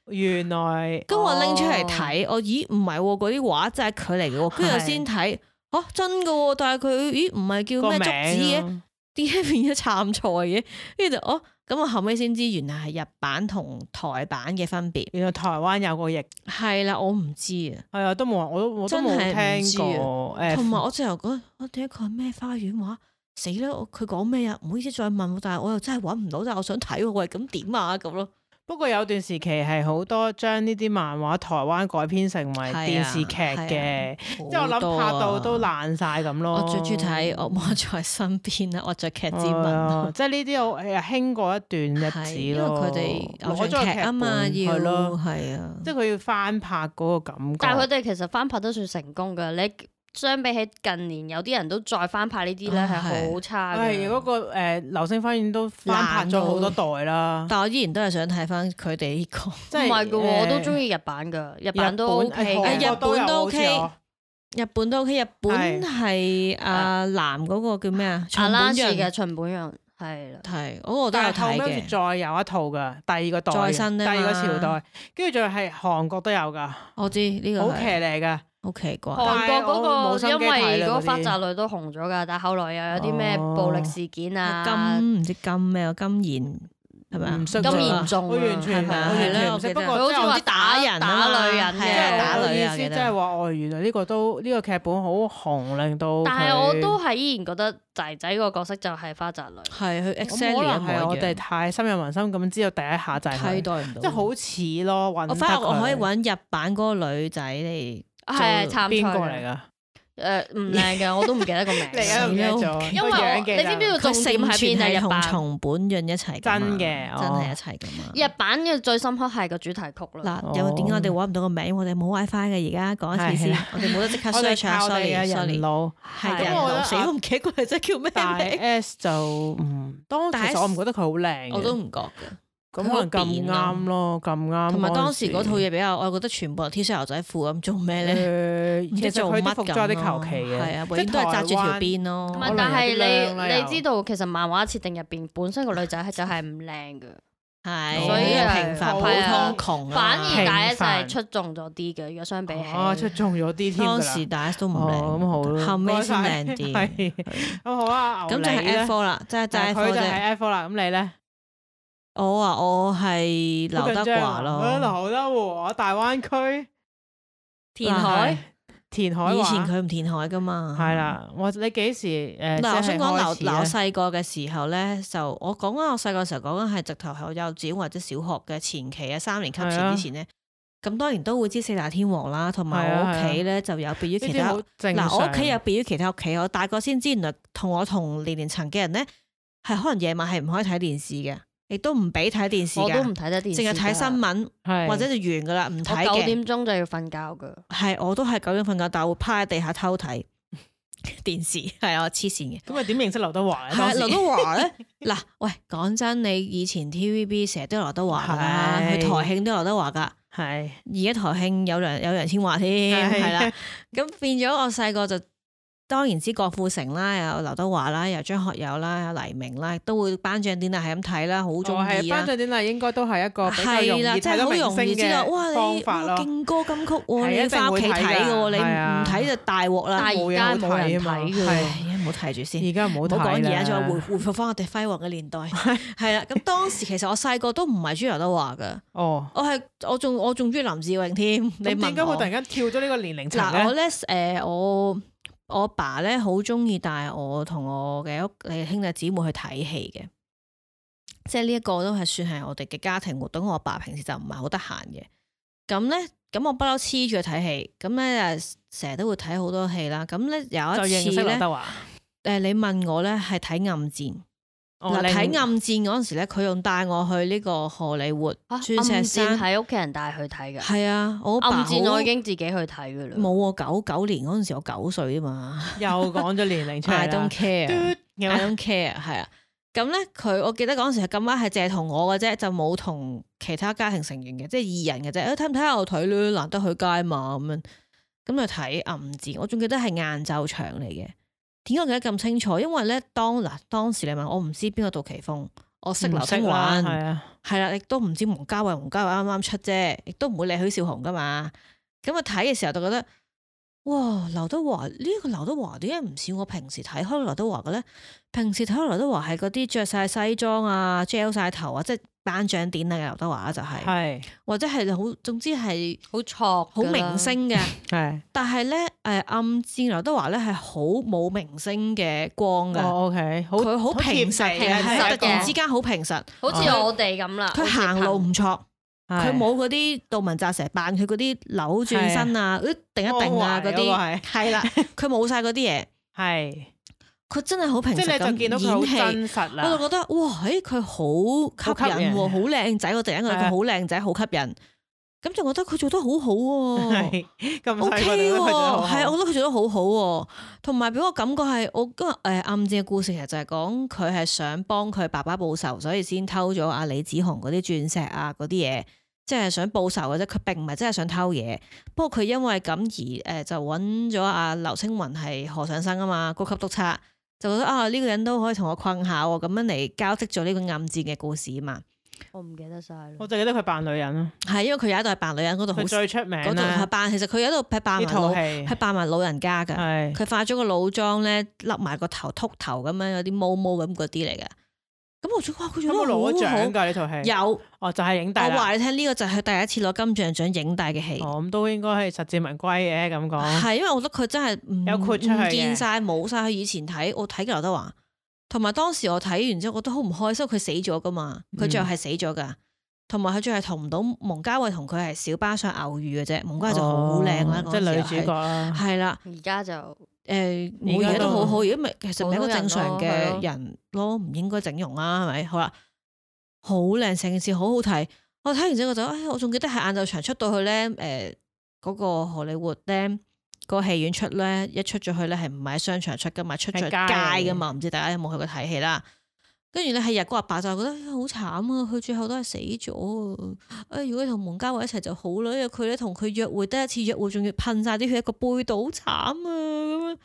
原來。咁我拎出嚟睇，哦、我咦唔係嗰啲畫真係佢嚟嘅。跟住是我先睇，哦、啊、真嘅、啊，但係佢咦唔係叫咩竹紙嘅、啊，點解、啊、變咗殘財嘅。跟住就哦。啊咁我後尾先知，原來係日版同台版嘅分別。原來台灣有個譯係啦，我唔知啊。係啊，都冇啊，我都我真的 都冇聽過。同埋 F 我最後嗰，我第一聽佢咩花園話，死啦！佢講咩啊？唔好意思再問我，但係我又真係搵唔到，但係我想睇，喂咁點啊？咁咯。不過有段時期係好多將呢啲漫畫台灣改編成為電視劇嘅，啊啊、即係我諗拍到都爛晒咁咯。我最中意睇《惡魔在身邊》啦，《惡作劇之吻》咯，即係呢啲又又興過一段日子咯。因為佢哋惡作劇啊嘛，要係啊，即係佢要翻拍嗰個感覺。但係佢哋其實翻拍都算成功㗎，你。相比起近年有啲人都再翻拍呢啲咧，係好差嘅。係嗰個《流星花園》都翻拍咗好多代啦。但我依然都係想睇翻佢哋呢個，唔係嘅，我都中意日版嘅，日版都 O K，日本都 O K，日本都 O K。日本係阿男嗰個叫咩啊？秦本嘅秦本陽，係我係嗰個都有睇嘅。再有一套嘅第二個代，第二個朝代，跟住仲係韓國都有㗎。我知呢個好騎呢嘅。好奇怪！韓國嗰個因為嗰花澤類都紅咗㗎，但係後來又有啲咩暴力事件啊？金唔知金咩金賢係咪啊？唔識金賢重，係係完全唔識。不過好似話打人打女人打女人嘅意思，即係話哦，原來呢個都呢個劇本好紅，令到但係我都係依然覺得仔仔個角色就係花澤類，係佢 exactly，我哋太深入民心咁知道第一下就替唔即係好似咯。我反而我可以揾日版嗰個女仔嚟。係，邊個嚟噶？誒，唔靚嘅，我都唔記得個名。而家唔記得咗，因為我你知唔知佢重點係邊，係同松本潤一齊嘅。真嘅，真係一齊噶嘛？日版嘅最深刻係個主題曲啦。嗱，又點解我哋搵唔到個名？我哋冇 WiFi 嘅，而家講一次先。我哋冇得即刻 search。我哋啊，人老係人老，死都唔記得嗰隻叫咩名？S 就唔。但係其實我唔覺得佢好靚，我都唔覺咁可能咁啱咯，咁啱。同埋當時嗰套嘢比較，我覺得全部係 T 恤牛仔褲咁做咩咧？其實佢啲服裝啲求其嘅，永遠都係紮住條辮咯。但係你你知道其實漫畫設定入邊本身個女仔就係唔靚嘅，係所以平凡普通窮，反而大 S 係出眾咗啲嘅。如果相比起，出眾咗啲。當時大 S 都唔靚，咁好咯。後尾先靚啲，咁好啊！咁就 F 啦，就係就係 F 啦。咁你咧？我話我係劉德華咯，劉德華大灣區填海填是海以前佢唔填海噶嘛？係啦，我你幾時誒？嗱、呃，我想講劉劉細個嘅時候咧，就我講啊，我細個時候講緊係直頭係幼稚園或者小學嘅前期啊，三年級前之前咧，咁當、啊、然都會知四大天王啦，同埋我屋企咧就有別於其他嗱，我屋企有別於其他屋企，我大個先知原來同我同年齡層嘅人咧，係可能夜晚係唔可以睇電視嘅。亦都唔俾睇電視，我都唔睇得電視，淨係睇新聞，或者就完噶啦，唔睇嘅。我九點鐘就要瞓覺噶，係我都係九點瞓覺，但係會趴喺地下偷睇電視，係啊，黐線嘅。咁啊，點認識劉德華咧？係劉德華咧，嗱，喂，講真，你以前 TVB 成日都劉德華噶，佢台慶都劉德華噶，係而家台慶有梁有楊千嬅添，係啦，咁變咗我細個就。當然知郭富城啦，又劉德華啦，又張學友啦，黎明啦，都會頒獎典禮係咁睇啦，好中意啦。頒獎典禮應該都係一個係啦，即係好容易知道。哇，啲勁歌金曲，你翻屋企睇嘅，你唔睇就大鑊啦，大家冇人睇嘅。係，睇住先，而家唔好。唔好講嘢啊，再回回復翻我哋輝煌嘅年代。係啦，咁當時其實我細個都唔係中意劉德華噶，哦，我係我仲我仲中意林志穎添。你點解會突然間跳咗呢個年齡層嗱，我咧，誒，我。我爸咧好中意帶我同我嘅屋企兄弟姊妹去睇戲嘅，即係呢一個都係算係我哋嘅家庭活動。我阿爸平時就唔係好得閒嘅，咁咧，咁我不嬲黐住去睇戲，咁咧啊成日都會睇好多戲啦。咁咧有一次咧，誒、呃、你問我咧係睇《暗戰》。嗱睇《暗戰》嗰陣時咧，佢用帶我去呢個荷里活鑽、啊、石山喺屋企人帶去睇嘅。係啊，我爸爸《暗戰》我已經自己去睇嘅啦。冇我九九年嗰陣時，我九歲啊嘛。 又講咗年齡出嚟啦。I don't care 嘟。I don't care。係啊。咁咧，佢我記得嗰陣時係今晚係淨係同我嘅啫，就冇同其他家庭成員嘅，即係二人嘅啫。睇唔睇牛腿咧？難得去街嘛咁樣。咁就睇《暗戰》，我仲記得係晏晝場嚟嘅。點解我記得咁清楚？因為咧當嗱當時你問我唔知邊個杜琪峰，我識劉青雲，係問啊，係啦、啊，亦都唔知王家衛，王家衛啱啱出啫，亦都唔會理許少雄噶嘛。咁啊睇嘅時候就覺得。哇，劉德華呢、呢個劉德華點解唔似我平時睇開劉德華嘅咧？平時睇開劉德華係嗰啲着晒西裝啊、gel 曬頭啊，即係頒獎典禮嘅劉德華就係、是，的或者係好總之係好錯好明星嘅。係傻， 的但係咧誒暗戰劉德華咧係好冇明星嘅光嘅。O K，佢好平實，突然之間好平實，好似我哋咁啦。佢行路唔錯。佢冇嗰啲杜汶澤成日扮佢嗰啲扭轉身啊，定一定啊，嗰啲係啦，佢冇晒嗰啲嘢，係佢 的真係好平實咁演戲，就我就覺得哇，誒、欸，佢好吸引，好靚、啊、的仔，我突然間覺得佢好靚仔，好吸引。的咁就覺得佢做得好好喎，O K 喎，係啊，Okay 我覺得佢做得好得做得好喎、啊，同埋俾我感覺係，我今日、哎、暗戰嘅故事其實就係講佢係想幫佢爸爸報仇，所以先偷咗阿李子雄嗰啲鑽石啊嗰啲嘢，即係、就是、想報仇嘅啫，佢並唔係真係想偷嘢。不過佢因為咁而誒、哎、就揾咗阿劉青雲係何尚生啊嘛，高級督察，就覺得啊呢、呢個人都可以同我困下喎，咁樣嚟交織咗呢個暗戰嘅故事啊嘛。我唔記得晒，我就記得佢扮女人咯，係因為佢有一度係扮女人嗰度好最出名啦。佢扮其實佢有一度係扮埋老，係扮埋老人家噶。佢是化咗個老妝咧，笠埋個頭禿頭咁樣，有啲毛毛咁嗰啲嚟嘅。咁我想話佢有冇攞獎噶呢套戲？好有，哦就係、是、影帝。我話你聽呢、這個就係佢第一次攞金像獎影帝嘅戲。哦咁都應該係實至名歸嘅咁講。係因為我覺得佢真係有豁出嚟，唔見晒冇晒佢以前睇我睇嘅劉德華。同埋當時我睇完之後，覺得好唔開心，佢死咗噶嘛，佢最後係死咗噶，同埋佢最後係同唔到蒙嘉慧同佢係小巴上偶遇嘅啫，蒙嘉慧就好靚啦，哦、即係女主角啦、啊，係啦，而家就誒，冇嘢、呃、都好好，而家咪其實咪一個正常嘅人咯，唔應該整容啦、啊，係咪？好啦，好靚，成件事好好睇，我睇完之後就，誒、哎，我仲記得係晏晝場出到去咧，誒、呃，嗰、嗰個荷里活咧。個戲院出咧，一出咗去咧係唔係喺商場出噶嘛？出咗街噶嘛？唔知大家有冇去過睇戲啦？跟住咧喺日哥阿爸，爸就覺得好慘、欸、啊！佢最後都係死咗啊、欸！如果你同蒙嘉慧一齊就好啦，因為佢咧同佢約會第一次約會，仲要噴晒啲血一個背度，好慘啊！咁啊，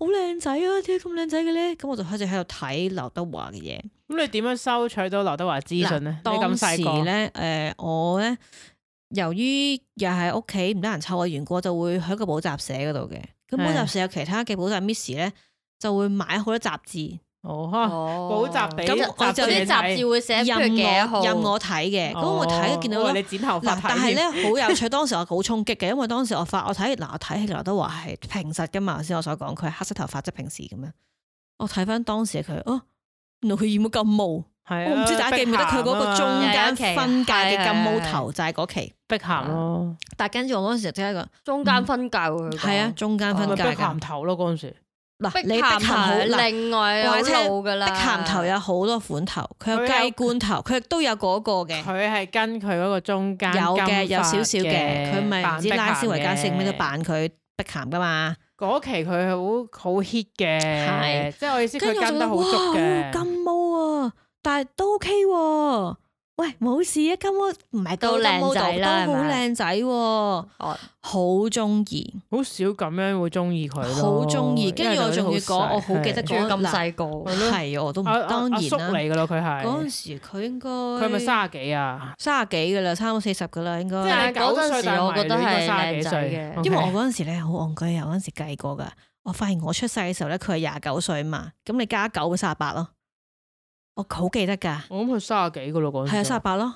好靚仔啊！點解咁靚仔嘅咧？咁我就開始喺度睇劉德華嘅嘢。咁你點樣收取到劉德華資訊咧？當時咧，誒、呃，我咧。由於又係屋企唔得閒湊嘅緣故，就會喺個補習社嗰度嘅。咁補習社有其他嘅補習 Miss 咧，就會買好多雜誌。哦，吓，補習俾咁就啲雜誌會寫任嘅，任我睇嘅。咁、哦、我睇見到、哦、你剪頭髮嗱，但係咧好有趣。 當時我好衝擊嘅，因為當時我發我睇嗱，我睇起劉德華係平實噶嘛，頭先我所講佢係黑色頭髮即係平時咁樣。我睇翻當時佢哦。原來佢染冇咁毛，我唔知大家記唔記得佢嗰個中間分界嘅金毛頭就係嗰期碧咸咯。但係跟住我嗰陣時即係一個中間分界佢係啊，中間分界嘅頭咯嗰陣時嗱，你碧咸好另外老噶啦，碧咸頭有好多款頭，佢有雞冠頭，佢都有嗰個嘅。佢係跟佢嗰個中間有嘅，有少少嘅，佢咪唔知拉斯維加斯咩都扮佢碧咸噶嘛。嗰期佢好好 hit 嘅，的即我意思佢跟得好足嘅。哇，金毛啊，但係都 OK 喎、啊。喂，冇事啊，根本唔係到靚仔。豆好靚仔，好中意，好少咁樣會中意佢，好中意，跟住我仲會講，我好記得住咁細個，係我都唔當然啦，阿叔嚟噶咯，佢係嗰陣時佢應該佢咪卅幾啊，卅幾噶啦，差唔多四十噶啦，應該。即係九歲，我覺得係卅幾歲嘅，因為我嗰陣時咧好戇居。啊，嗰陣時計過噶，我發現我出世嘅時候咧，佢係廿九歲嘛，咁你加九咪卅八咯。我好記得㗎，我諗佢三十幾個咯，嗰時係啊，三十八咯，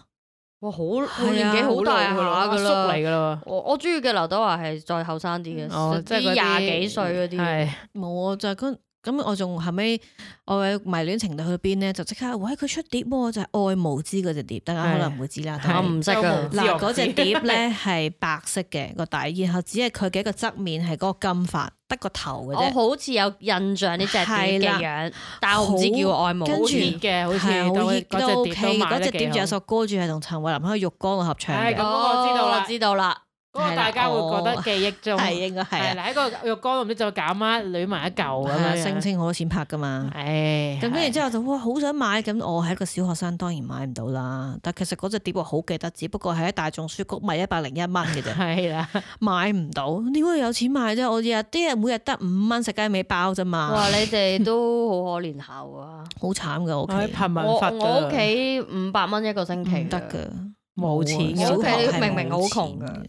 哇，好好年紀好大下㗎啦，叔嚟㗎啦，我我中意嘅劉德華係再後生啲嘅，即係廿幾歲嗰啲，冇啊，就係、係、嗰。咁我仲後尾，我迷戀程度去到邊咧，就即刻，喂佢出碟、哦、就係、是、愛無知嗰隻碟，大家可能唔會知啦，但我唔識噶。嗱，嗰隻碟咧係白色嘅個 底，然後只係佢嘅一個側面係嗰個金髮，得個頭嘅啫。我好似有印象呢隻碟嘅樣，的但係我唔知叫愛無知。後好熱嘅，好似像對都 OK。嗰隻碟仲有首歌，仲係同陳慧琳喺浴缸嘅合唱嘅。咁的、哦、我知道啦，知道啦。嗰個大家會覺得記憶中係、哦、應該係喺個浴缸唔知再揀啊，攣埋一嚿咁樣，聲稱好多錢拍㗎嘛。係咁的，跟住之後就哇，好想買。咁我係一個小學生，當然買唔到啦。但其實嗰隻碟好記得，只不過喺大眾書局賣一百零一蚊嘅啫。係啦，的買唔到。點會有錢買啫？我日啲人每日得五蚊食雞尾包啫嘛。哇！你哋都好可憐下啊，好 慘㗎，屋企貧民窟㗎。我屋企五百蚊一個星期得㗎，冇錢，錢，錢明明好窮㗎。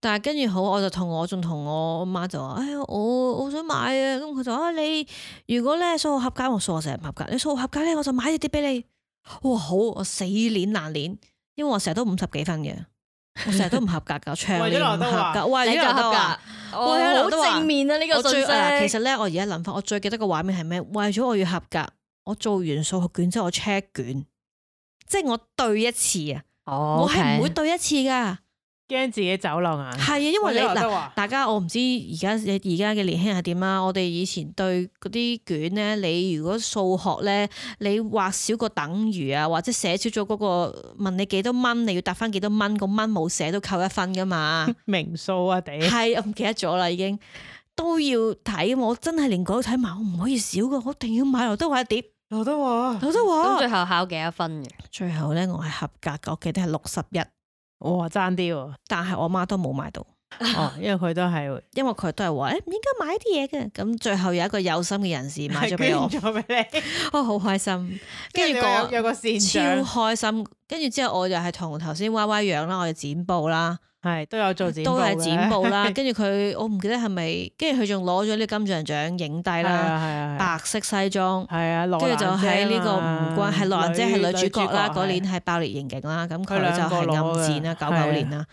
但係跟住好，我就同我仲同我阿媽就話，哎呀，我我想買啊！咁佢就話，你如果咧數學合格，我數學成日唔合格。你數學合格咧，我就買一啲俾你。哇，好！我死練爛練，因為我成日都五十幾分嘅，我成日都唔合格噶。為咗合格，為咗合格，我係好正面啊！呢、這個信息、啊、其實咧，我而家諗翻，我最記得個畫面係咩？為咗我要合格，我做完數學卷之後，我 check 卷，即係我對一次啊！我係唔 Okay. 會對一次噶。驚自己走漏眼啊！係啊，因為你嗱，你大家我唔知而家而家嘅年輕人係點啦。我哋以前對嗰啲卷咧，你如果數學咧，你畫少個等於啊，或者寫少咗嗰、嗰個問你幾多蚊，你要答翻幾多蚊，個蚊冇寫都扣一分噶嘛。明數 啊，哋係我唔記得咗啦，已經都要睇。我真係連嗰都睇埋，我唔可以少噶，我一定要買劉德華一碟，劉德華，劉德華。咁最後考幾多分嘅？最後咧，我係合格，我記得係六十一。哦哦，我話爭啲喎，但係我媽都冇買到，哦，因為佢都係， 因為佢都係話，誒、欸，唔應該買啲嘢嘅。咁最後有一個有心嘅人士買咗俾我，咗俾你。 哦，好開心，跟住講有個超開心，跟住之後我就係同頭先 Y Y 養啦，我哋剪布啦。係，都有做剪，都係剪布啦。跟住佢，我唔記得係咪，跟住佢仲攞咗啲金像獎影帝啦，白色西裝，係啊，跟住就喺呢個，羅蘭姐啦。係羅蘭姐係女主角啦，嗰年係《爆裂刑警》啦，咁佢就係暗戰啦，九九年啦。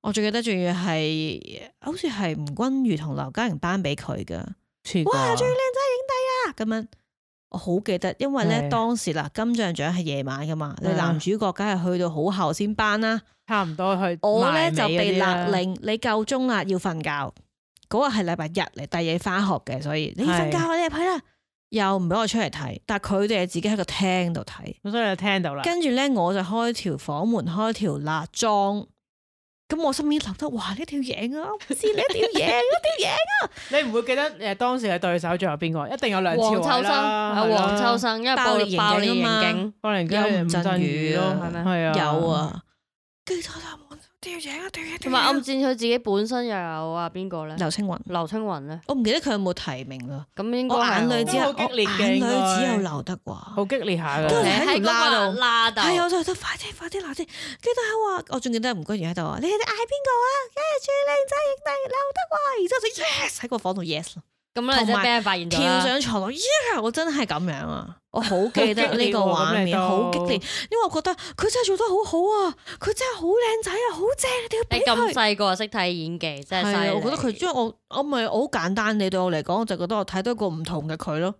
我最記得仲要係，好似係吳君如同劉嘉玲頒俾佢㗎。哇，最靚仔影帝啊！咁樣。我好記得，因為咧是當時啦，金像獎係夜晚噶嘛，是你男主角梗係去到好後先頒啦，差唔多去。我咧就被勒令了你夠鐘啦，要瞓覺。嗰個係禮拜日嚟，第二日翻學嘅，所以你瞓覺啦，你，你入去啦，又唔俾我出嚟睇。但係佢哋自己喺個廳度睇，咁所以就聽到啦。跟住咧，我就開條房門，開條辣燭。咁我心入面諗得，哇！呢條贏啊，是呢條贏啊，條贏 啊！ 你唔會記得誒，當時嘅對手最後邊個？一定有梁朝偉啦，黃秋生，因為爆裂刑警爆裂刑警，爆裂刑警，有吳鎮宇咯，係咪？係啊，有啊。屌嘢啊！屌同埋暗戰佢自己本身又有啊邊個咧？劉青雲，劉青雲咧？我唔記得佢有冇提名咯。咁應該眼淚只有眼淚只有劉德華。好激烈下嘅。喺嗰個度，係啊！快啲，快啲，快啲，記得喺話我仲記得吳君如喺度啊！你你嗌邊個啊？跟住靚仔影帝劉德華，然之後就 yes 喺個房度 yes 咁啊，我係俾人發現咗跳上床度我真係咁樣啊。 我好記得呢個畫面好激烈，因為我覺得佢真係做得好好啊，佢真係好靚仔啊，好正，要比你要俾佢。你咁細個識睇演技，真係犀利。係啊，我覺得佢，因為我我咪好簡單，你對我嚟講，我就覺得我睇到一個唔同嘅佢咯。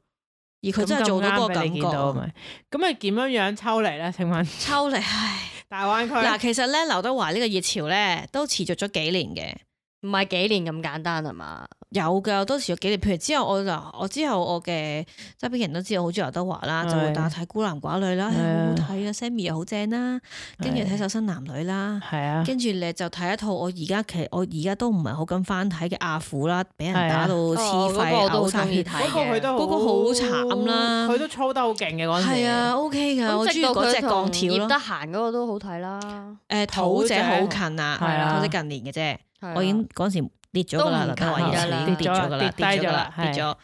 而佢真係做到嗰個感覺。咁咪點樣樣抽離咧？請問抽離，唉 大灣區嗱，其實咧劉德華呢個熱潮咧都持續咗幾年嘅，唔係幾年咁簡單啊嘛。有噶，多時有幾年。譬如之後我嗱，我之後我嘅側邊人都知我好中意劉德華啦，就會打睇孤男寡女啦，好好睇啊！Sammy 又好正啦，跟住睇瘦身男女啦，係啊，跟住咧就睇一套我而家其實我而家都唔係好敢翻睇嘅《阿虎》啦，俾人打到黐肺，流曬血睇嘅。嗰個佢都好，嗰個好慘啦，佢都操得好勁嘅嗰陣時。係啊，OK 㗎，我中意嗰隻鋼條咯。得閒嗰個都好睇啦。誒，土姐好近啊，土姐近年嘅啫，我已經嗰陣時。跌咗噶啦，就開始跌跌咗噶啦，跌咗啦，跌咗。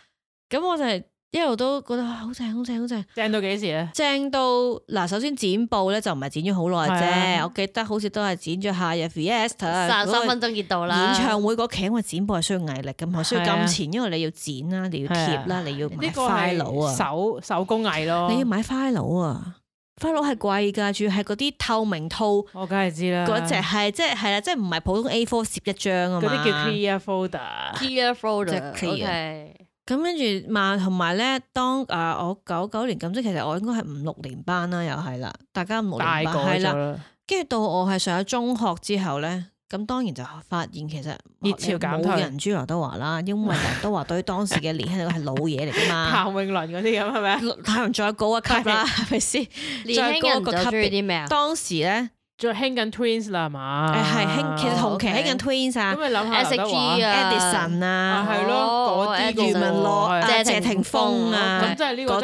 咁我就係一路都覺得好正，好正，好正。正到幾時咧？正到嗱，首先剪報咧就唔係剪咗好耐啫。我記得好似都係剪咗夏日 Viest。三分鐘熱度啦。演唱會嗰期，因為剪報係需要毅力㗎嘛，需要金錢，因為你要剪啦，你要貼啦，你要買 file 啊，手手工藝咯，你要買 file 啊。file 係貴噶，主要係嗰啲透明套，我梗係知啦，嗰隻係即係啦，即係唔係普通 A4 攝一張啊嘛，嗰啲叫 clear folder，clear folder，ok，即咁跟住嘛，同埋咧，當啊我九九年咁即係，其實我應該係五六年班啦，又係啦，大家冇係啦，跟住到我係上咗中學之後咧。咁當然就發現其實熱潮減退，冇人追劉德華啦，因為劉德華對於當時嘅年輕人係老嘢嚟㗎嘛。譚 詠麟嗰啲咁係咪？譚再高一級啦，係咪先？年輕人就追啲咩啊？當時咧。再興緊 twins 啦，係嘛？係興，其實同期興緊 twins 啊，ASG 咁啊，Edison 啊，係咯，嗰啲余文樂、謝霆鋒啊，嗰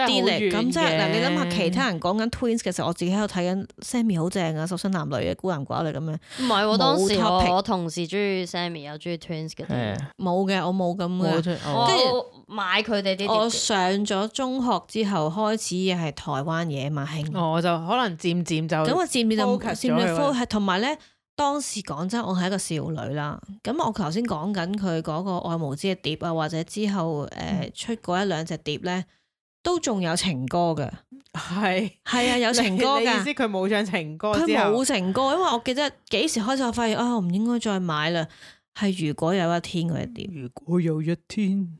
啲咧，咁即係嗱，你諗下其他人講緊 twins 嘅時候，我自己喺度睇緊 Sammi 好正啊，瘦身男女啊，孤男寡女咁樣。唔係喎，當時我同時中意 Sammi 有中意 twins 嗰啲。冇嘅，我冇咁嘅。我買佢哋啲。我上咗中學之後開始係台灣嘢嘛興。我就可能漸漸就咁，我就係同埋咧，當時講真，我係一個少女啦。咁我頭先講緊佢嗰個愛無知嘅碟啊，或者之後誒、呃、出過一兩隻碟咧，都仲有情歌嘅。係係、嗯、啊，有情歌嘅 意思，佢冇唱情歌。佢冇情歌，因為我記得幾時開始我發現啊，唔、哦、應該再買啦。係如果有一天嗰碟，如果有一天，一一天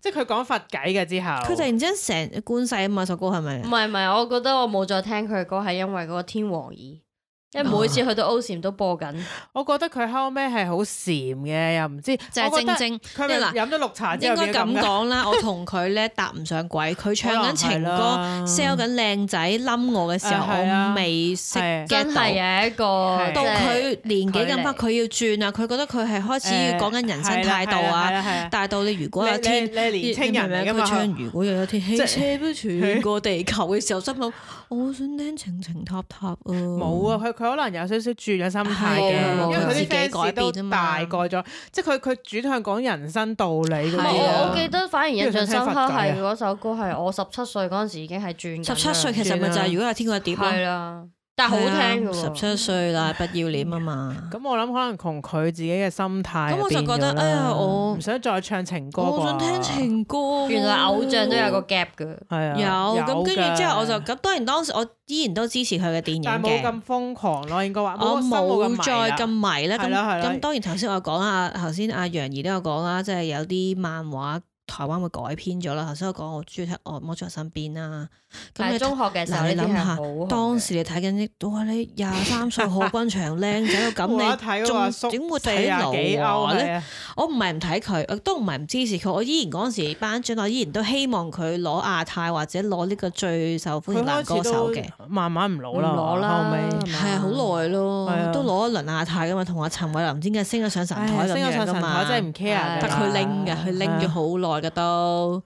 即係佢講佛偈嘅之後，佢突然之間成官世啊嘛，首歌係咪？唔係唔係，我覺得我冇再聽佢嘅歌，係因為嗰個天王二。因為每次去到 O 禪都播緊，我覺得佢後尾係好禪嘅，又唔知就係晶晶。因為飲咗綠茶應該咁講啦，我同佢咧搭唔上鬼。佢唱緊情歌，sell 緊靚仔冧我嘅時候，我未識 get 到。一個到佢年紀咁翻，佢要轉啊。佢覺得佢係開始要講緊人生態度啊。但係到你如果有天，你年輕人嚟噶嘛？佢唱如果有天汽車飆全個地球嘅時候，心諗。我想聽情情塔塔啊！冇啊，佢佢可能有少少轉咗心態嘅，的因為佢啲 fans 都大改咗，即係佢佢轉向講人生道理的我我記得反而印象深刻係嗰首歌，係我十七歲嗰陣時已經係轉十七歲，歲其實咪就係如果係天降啲啊。但係好聽㗎，十七歲啦，不要臉啊嘛！咁 我諗可能同佢自己嘅心態變咗啦。咁我就覺得，哎呀，我唔想再唱情歌。我好想聽情歌。原來偶像都有個 gap 㗎，係啊，有咁跟住之後，我就咁。當然當時我依然都支持佢嘅電影，但係冇咁瘋狂咯，應該話。我冇再咁迷咧。係啦，係啦。咁當然頭先我講啊，頭先阿楊怡都、就是、有講啦，即係有啲漫畫。台灣會改編咗啦。頭先我講我中意睇《惡魔在身邊》啦。咁你中學嘅時候，你諗下當時你睇緊啲，哇！你廿三歲賀軍翔靚仔到咁，你仲點會睇老咧？我唔係唔睇佢，都唔係唔支持佢。我依然嗰陣時班長，我依然都希望佢攞亞太或者攞呢個最受歡迎男歌手嘅。慢慢唔老啦，後尾係好耐咯，都攞一輪亞太噶嘛，同阿陳偉林之間升咗上神台。升咗上神台真係唔 care，但佢拎嘅，佢拎咗好耐。嘅都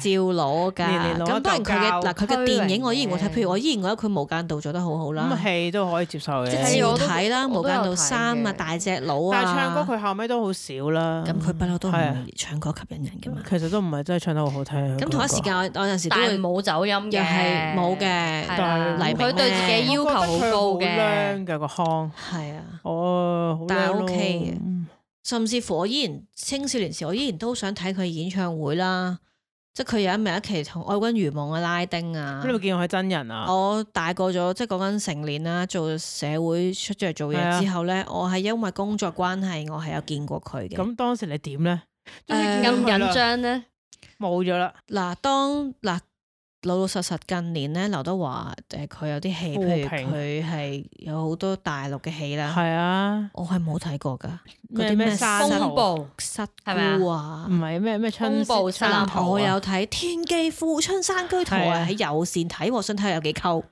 照攞噶，咁當然佢嘅，嗱，佢嘅電影我依然會睇，譬如我依然覺得佢無間道做得好好啦。咁戲都可以接受嘅，即係要睇啦，《無間道三》啊，《大隻佬》啊。但係唱歌佢後尾都好少啦，咁佢不嬲都唔唱歌吸引人嘅嘛。其實都唔係真係唱得好好聽。咁同一時間，我有陣時都會冇走音又係冇嘅。但係佢對自己要求好高嘅。唱好靚嘅個腔，係啊，哦，但係 OK 嘅。甚至乎我依然青少年時，我依然都想睇佢演唱會啦。即係佢有一、名一期同愛君如夢嘅拉丁啊。你有冇見過佢真人啊？我大個咗，即係講緊成年啦，做社會出咗嚟做嘢之後咧，啊、我係因為工作關係，我係有見過佢嘅。咁當時你點咧？咁緊張咧？冇咗啦。嗱，當嗱。老老實實近年咧，劉德華誒，佢有啲戲，譬如佢係有好多大陸嘅戲啦。係啊，我係冇睇過噶。咩咩？《風暴》《失孤》啊？唔係咩咩《春山居圖》？我有睇《天機》《富春山居圖》，係喺有線睇，我想睇下有幾溝。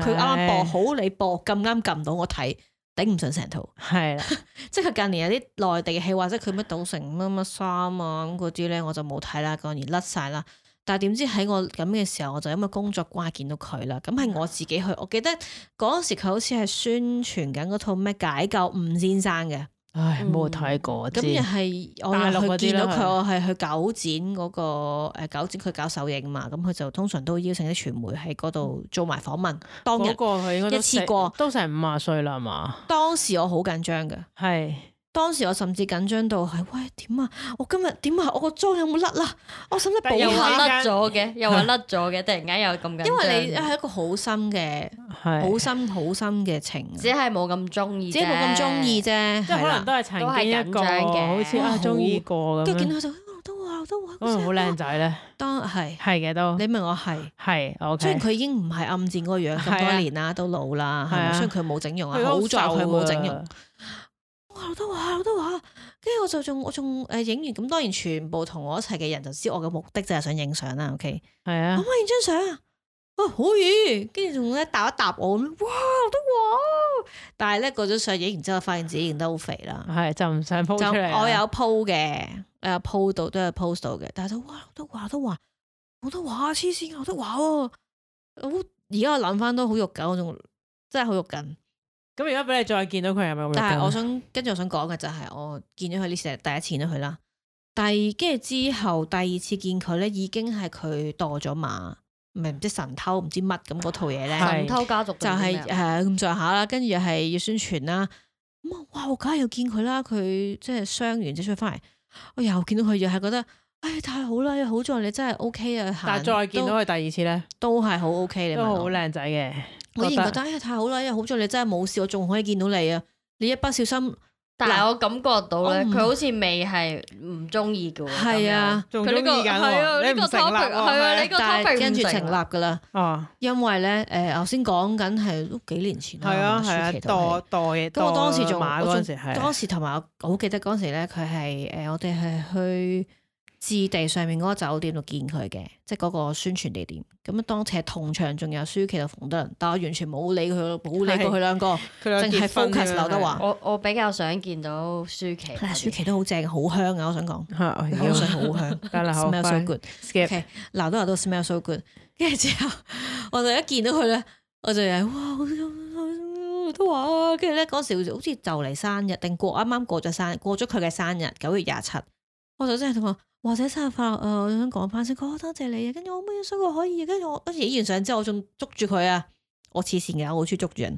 佢啱啱播好，你播咁啱撳到我睇，頂唔順成套。係啦，即係近年有啲內地嘅戲，或者佢乜賭城乜乜三啊咁嗰啲咧，我就冇睇啦，嗰年甩晒啦。但係點知喺我咁嘅時候，我就因為工作關係見到佢啦。咁係我自己去，我記得嗰時佢好似係宣傳緊嗰套咩解救吳先生嘅。唉，冇睇過。今日係我係去見到佢，我係去九展嗰個誒，九展佢搞首映嘛。咁佢就通常都邀請啲傳媒喺嗰度做埋訪問。嗯、當日一次過都成五啊歲啦嘛。當時我好緊張㗎，係。當時我甚至緊張到係喂點啊！我今日點啊！我個妝有冇甩啦？我使唔使補下？甩咗嘅，又話甩咗嘅，突然間又咁緊張。因為你係一個好深嘅、好深、好深嘅情。只係冇咁中意。只係冇咁中意啫，即係可能都係曾經一個好中意過咁。跟住見到佢就都話，都話。都好靚仔咧。當係係嘅都。你問我係係，雖然佢已經唔係暗戰嗰個樣咁多年啦，都老啦，雖然佢冇整容啊，好在佢冇整容。哇，劉德華，劉德華，跟住我就仲我仲誒影完，咁當然全部同我一齊嘅人就知我嘅目的就係想影相啦，OK？係啊，可唔可以影張相啊？啊可以，跟住仲咧答一答我咁，哇，劉德華！但係咧過咗相影完之後，發現自己影得好肥啦，係就唔想 po 出嚟。我有 po 嘅，誒 po 到都係 post 到嘅，但係就哇，劉德華，劉德華，劉德華，黐線嘅劉德華喎！而家我諗翻都好肉緊，我仲真係好肉緊。咁而家俾你再見到佢有冇？但係我想跟住我想講嘅就係、是、我見咗佢呢次第一次見到佢啦，第跟住之後第二次見佢咧已經係佢墮咗馬，唔係唔知神偷唔知乜咁嗰套嘢咧，神偷家族就係誒咁上下啦，跟住又係要宣傳啦。咁、嗯、啊哇，我梗係要見佢啦，佢即係傷完即出翻嚟，我又見到佢又係覺得唉、哎，太好啦，好在你真係 O K 啊。但係再見到佢第二次咧，都係好 O K，都好靚仔嘅。我而覺得哎呀太好啦，因為好彩你真係冇事，我仲可以見到你啊！你一不小心，但係我感覺到咧，佢好似未係唔中意嘅。係啊，佢呢個係啊，呢個 topic 係啊，呢個 topic 跟住成立噶啦，因為咧誒，頭先講緊係都幾年前啦，係啊係啊，多多嘢，咁我當時仲我仲當時同埋我好記得嗰陣時咧，佢係誒，我哋係去。置地上面嗰個酒店度見佢嘅，即係嗰個宣傳地點。咁啊，當場同場仲有舒淇同馮德倫，但我完全冇理佢，冇 理過佢兩個，佢淨係 focus 劉德華。我我比較想見到舒淇。 舒淇都好正，好香啊！我想講，好、嗯、 香。 smell、so、good。好，劉德華都 smell good。跟住之後，我就一見到佢咧，我就係哇，劉德華啊！跟住咧嗰時好似就嚟生日，定過啱啱過咗生日，過咗佢嘅生日，九月廿七，我就真係同我。或者生日快樂啊、呃！我想講翻先，哦，多謝，謝你啊！跟住我冇嘢，想講可以，跟住我跟住影完相之後，我仲捉住佢啊！我黐線嘅，我好中意捉住人，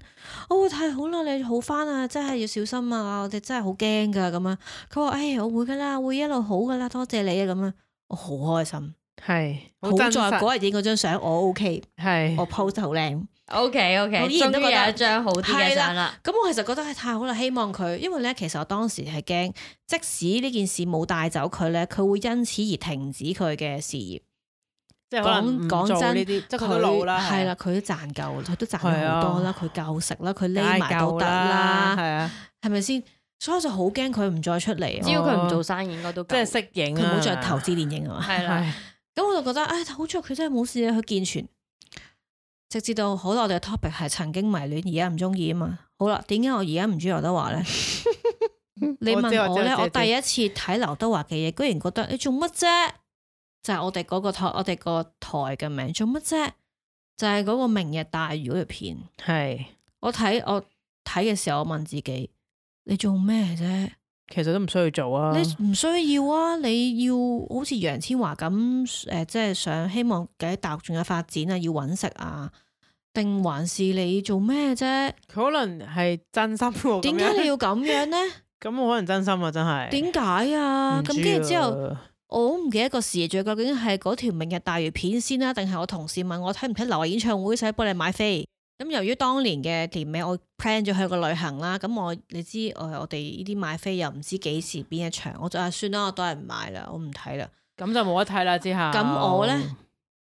我、哦、太好啦！你好翻啊，真係要小心啊！我哋真係好驚噶咁樣！佢話：哎，我會噶啦，會一路好噶啦，多謝你啊！咁樣，我好開心，係好在嗰日影嗰張相，我 OK，係是我 post 得好靚。O K O K，我終於有一張好啲嘅相啦。咁我其實覺得係太好啦，希望佢，因為咧，其實我當時係驚，即使呢件事冇帶走佢咧，佢會因此而停止佢嘅事業。即係我諗講真唔做呢啲，佢老啦。係啦，佢都賺夠，佢都賺好多啦，佢夠食啦，佢匿埋都得啦。係啊，係咪先？所以就好驚佢唔再出嚟。只要佢唔做生意，應該都夠即係適應。佢冇做投資電影啊嘛。係啦，咁我就覺得，唉，好彩佢真係冇事啊，佢健全。直至到好耐，我哋嘅 topic 係曾經迷戀，而家唔中意啊嘛。好啦，點解我而家唔中意劉德華咧？ 你問我咧，我，我，我，我第一次睇劉德華嘅嘢，居然覺得你做乜啫？就係、是、我哋嗰個台，我哋個台嘅名做乜啫？就係、是、嗰個明日大魚嘅片。係是我睇我睇嘅時候，我問自己：你做咩啫？其實都唔需要做啊！你唔需要啊！你要好似楊千嬅咁誒，即係想希望喺大陸仲有發展啊，要揾食啊，定還是你做咩啫、啊？佢可能係真心喎、啊。點解你要咁樣咧？咁 我可能真心啊，真係。點解啊？咁跟住之後，我唔記得個時序，究竟係嗰條明日大魚片先啦、啊，定係我同事問我睇唔睇劉演唱會，使唔使幫你買飛？咁由於當年嘅年尾，我 plan 咗去個旅行啦。咁我你知我我哋呢啲買飛又唔知幾時邊一場，我就話算啦，我都係唔買啦，我唔睇啦。咁就冇得睇啦之後。咁我咧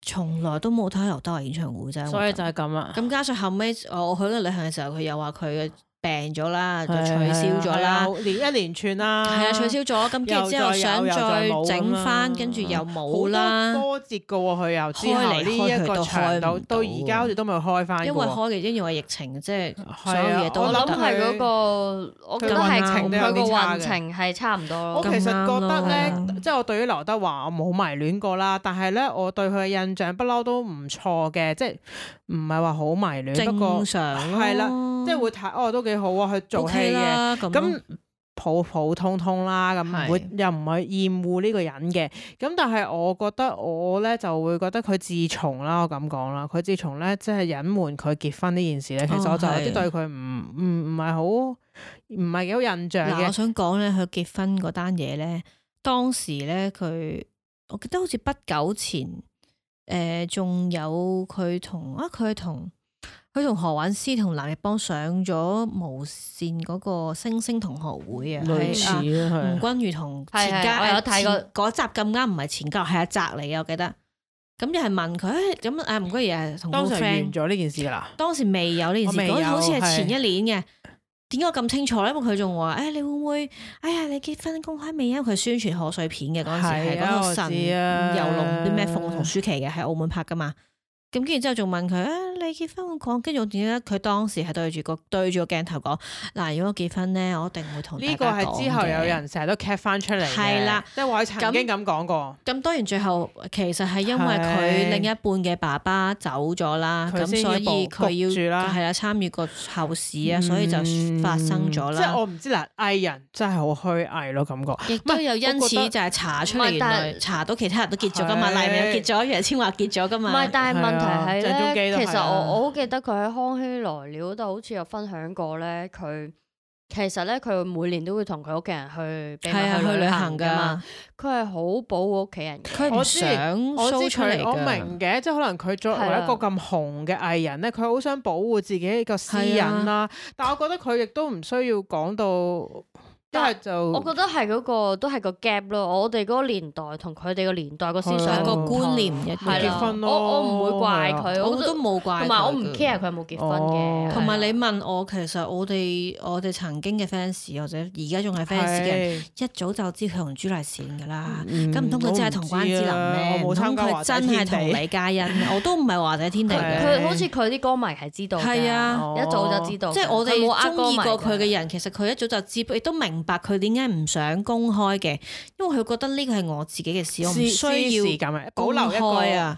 從、嗯、來都冇睇劉德華演唱會啫。所以就係咁啦。咁加上後尾，我去咗旅行嘅時候，佢又話佢嘅。病咗啦，就取消咗啦，一連串啦，係啊，取消咗。咁跟住之後想再整翻，跟住又冇啦。波多折噶，佢又開嚟開到到而家好似都未開翻。因為開嘅原因係疫情，即係所有嘢都我諗係嗰個運程，佢個運程係差唔多。我其實覺得咧，即係我對於劉德華我冇迷戀過啦，但係咧我對佢嘅印象不嬲都唔錯嘅，即係唔係話好迷戀，正常係啦。嗯、即係會睇哦，都幾好啊！去做戲嘅咁普普通通啦，咁、嗯、會的又唔係厭惡呢個人嘅。咁但係我覺得我咧就會覺得佢自從啦，我咁講啦，佢自從咧即係隱瞞佢結婚呢件事咧，其實我就有啲對佢唔唔唔係好唔係幾好印象。我想講咧，佢結婚嗰單嘢咧，當時咧佢我記得好似不久前誒，仲、呃、有佢同啊，佢同。佢同何韻詩同藍奕邦上咗無線嗰個星星同學會啊，啊，吳君如同錢嘉，我有睇過嗰集咁啱唔係前嘉，係阿澤嚟嘅，我記得。咁就係問佢，咁誒吳君如係同當時完咗呢件事啦。當時未有呢件事，嗰陣好似係前一年嘅。點解咁清楚咧？因為佢仲話，誒、哎、你會唔會，哎呀你結婚公開未？因為佢宣傳賀歲片嘅嗰陣時係嗰套神遊龍啲咩鳳同舒淇嘅，係、那個、澳門拍噶嘛。咁跟住之後仲問佢誒、啊，你結婚會講？跟住點咧？佢當時係對住個對住個鏡頭講嗱、啊，如果結婚咧，我一定會同呢個係，之後有人成日都 cap 翻出嚟嘅，即係話佢曾經咁講過。咁當然最後其實係因為佢另一半嘅爸爸走咗啦，咁的所以佢要係啦參與個後事啊，嗯、所以就發生咗啦。即係我唔知嗱，藝人真係好虛偽咯，感覺亦都有因此就係查出嚟，查到其他人都結咗噶嘛，黎的是明結咗，楊千嬅結咗噶嘛，但係問。係咧，其實我我好記得佢喺康熙來了度好似有分享過咧，佢其實咧佢每年都會同佢屋企人去係啊去旅行噶佢係好保護屋企人，想出我。我知我知，我明嘅，即係可能佢作為一個咁紅嘅藝人咧，佢好、啊、想保護自己一個私隱啦。啊、但係我覺得佢亦都唔需要講到。但係就，我覺得係嗰個都係個 gap 咯，我哋嗰個年代同佢哋個年代個思想個觀念唔一樣咯，我我唔會怪佢，我都冇怪，同埋我唔 care 佢有冇結婚嘅。同埋你問我，其實我哋我哋曾經嘅 fans 或者而家仲係 fans 嘅，一早就知佢同朱麗倩噶啦，咁唔通佢真係同關之琳咩？唔通佢真係同李嘉欣？我都唔係華仔天地。佢好似佢啲歌迷係知道，係啊，一早就知道，即係我哋冇中意過佢嘅人，其實佢一早就知，亦都明。.明白佢點解唔想公開嘅，因為佢覺得呢個係我自己嘅事，是我唔需要、啊、保留一個。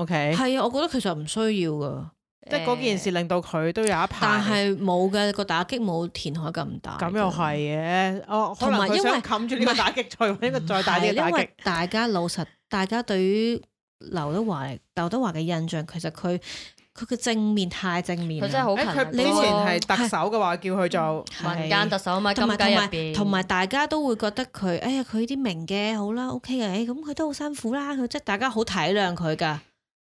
O K，係啊，我覺得其實唔需要噶，即係嗰件事令到佢都有一排。但係冇嘅個打擊冇填海咁大。咁又係嘅，哦，同埋因為冚住呢個打擊，再呢個再大啲嘅打擊。因為大家老實，大家對於劉德華、劉德華嘅印象，其實佢。佢嘅正面太正面，佢真係好勤力，你以前係特首嘅話，啊、叫佢做是民間特首啊嘛，更加同埋大家都會覺得佢，哎、欸、呀，佢啲名嘅好啦，OK 啊，咁、欸、佢都好辛苦啦。佢即係大家好體諒佢㗎。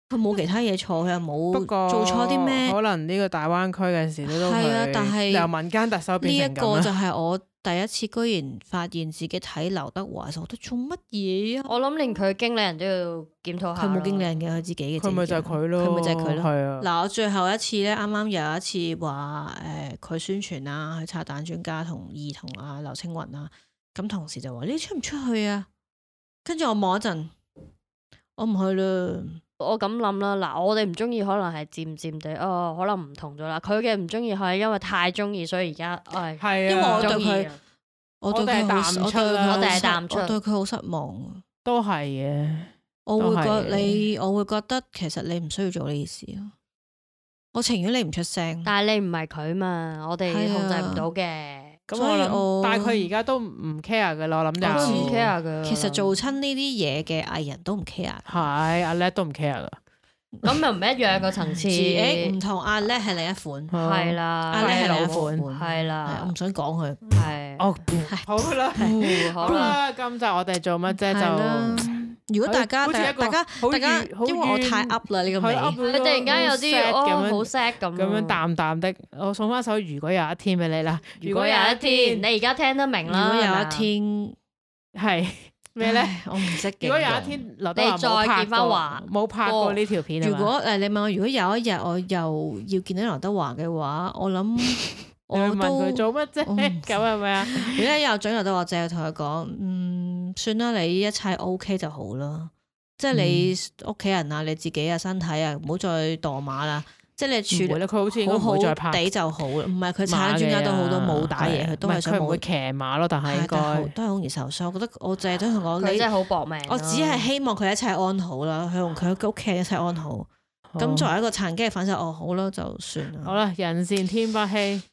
佢冇其他嘢錯，佢又冇做錯啲咩。過可能呢個大灣區嘅事都佢由民間特首變成咁啦。第一次居然發現自己睇劉德華時覺得做乜嘢啊！我諗連佢經理人都要檢討下。佢冇經理人嘅，佢自己嘅。佢咪就係佢咯。佢咪就係佢咯。係啊。嗱，我最後一次咧，啱啱有一次話誒，佢、欸、宣傳啦、啊，佢拆彈專家同兒童啊，劉青雲啊，咁同事就話：你出唔出去啊？跟住我望一陣，我唔去啦。我咁諗啦，嗱，我哋唔中意可能係漸漸地哦，可能唔同咗啦。佢嘅唔中意係因為太中意，所以而家唉，哎、因為我對佢，我對佢好，我對佢，我哋係淡出，對佢好失望。都係嘅，我會覺得你，我會覺得其實你唔需要做呢件事咯。我情願你唔出聲，但係你唔係佢嘛，我哋控制唔到嘅。咁，但係佢而家都唔 care 噶啦，我諗就唔 care 噶。其實做親呢啲嘢嘅藝人都唔 care，係阿叻都唔 care 噶。咁又唔一樣個層次，唔同阿叻係另一款，係啦，阿叻係老款，係啦。我唔想講佢，係哦，好啦，好啦，今集我哋做乜啫就？如果大家大家大家，因為我太 up 啦，呢個尾，突然間有啲哦好 sad 咁，咁樣淡淡的，我送翻首如果有一天俾你啦。如果有一天，你而家聽得明啦。如果有一天，係咩咧？我唔識嘅。如果有一天，劉德華冇拍過，你再見翻華，冇拍過呢條片。如果誒，你問我如果有一日我又要見到劉德華嘅話，我諗。問我問佢做乜啫？咁係咪啊？而家又準又得，我淨係同佢講：嗯，算啦，你一切 OK 就好啦。即係你屋企人啊，你自己啊，身體啊，唔好再墮馬啦。即係你處理，佢好似好好地就好，唔係佢撐專家都好多冇打嘢，佢、啊、是都係想冇騎馬咯。但係都係好易受傷。愁愁愁愁愁，我覺得我淨係想同佢講，佢真係好搏命、啊。我只係希望佢一切安好啦，佢同佢屋企一切安好。咁好作為一個殘疾嘅粉絲，哦，好啦，就算啦。好啦，人善天不欺。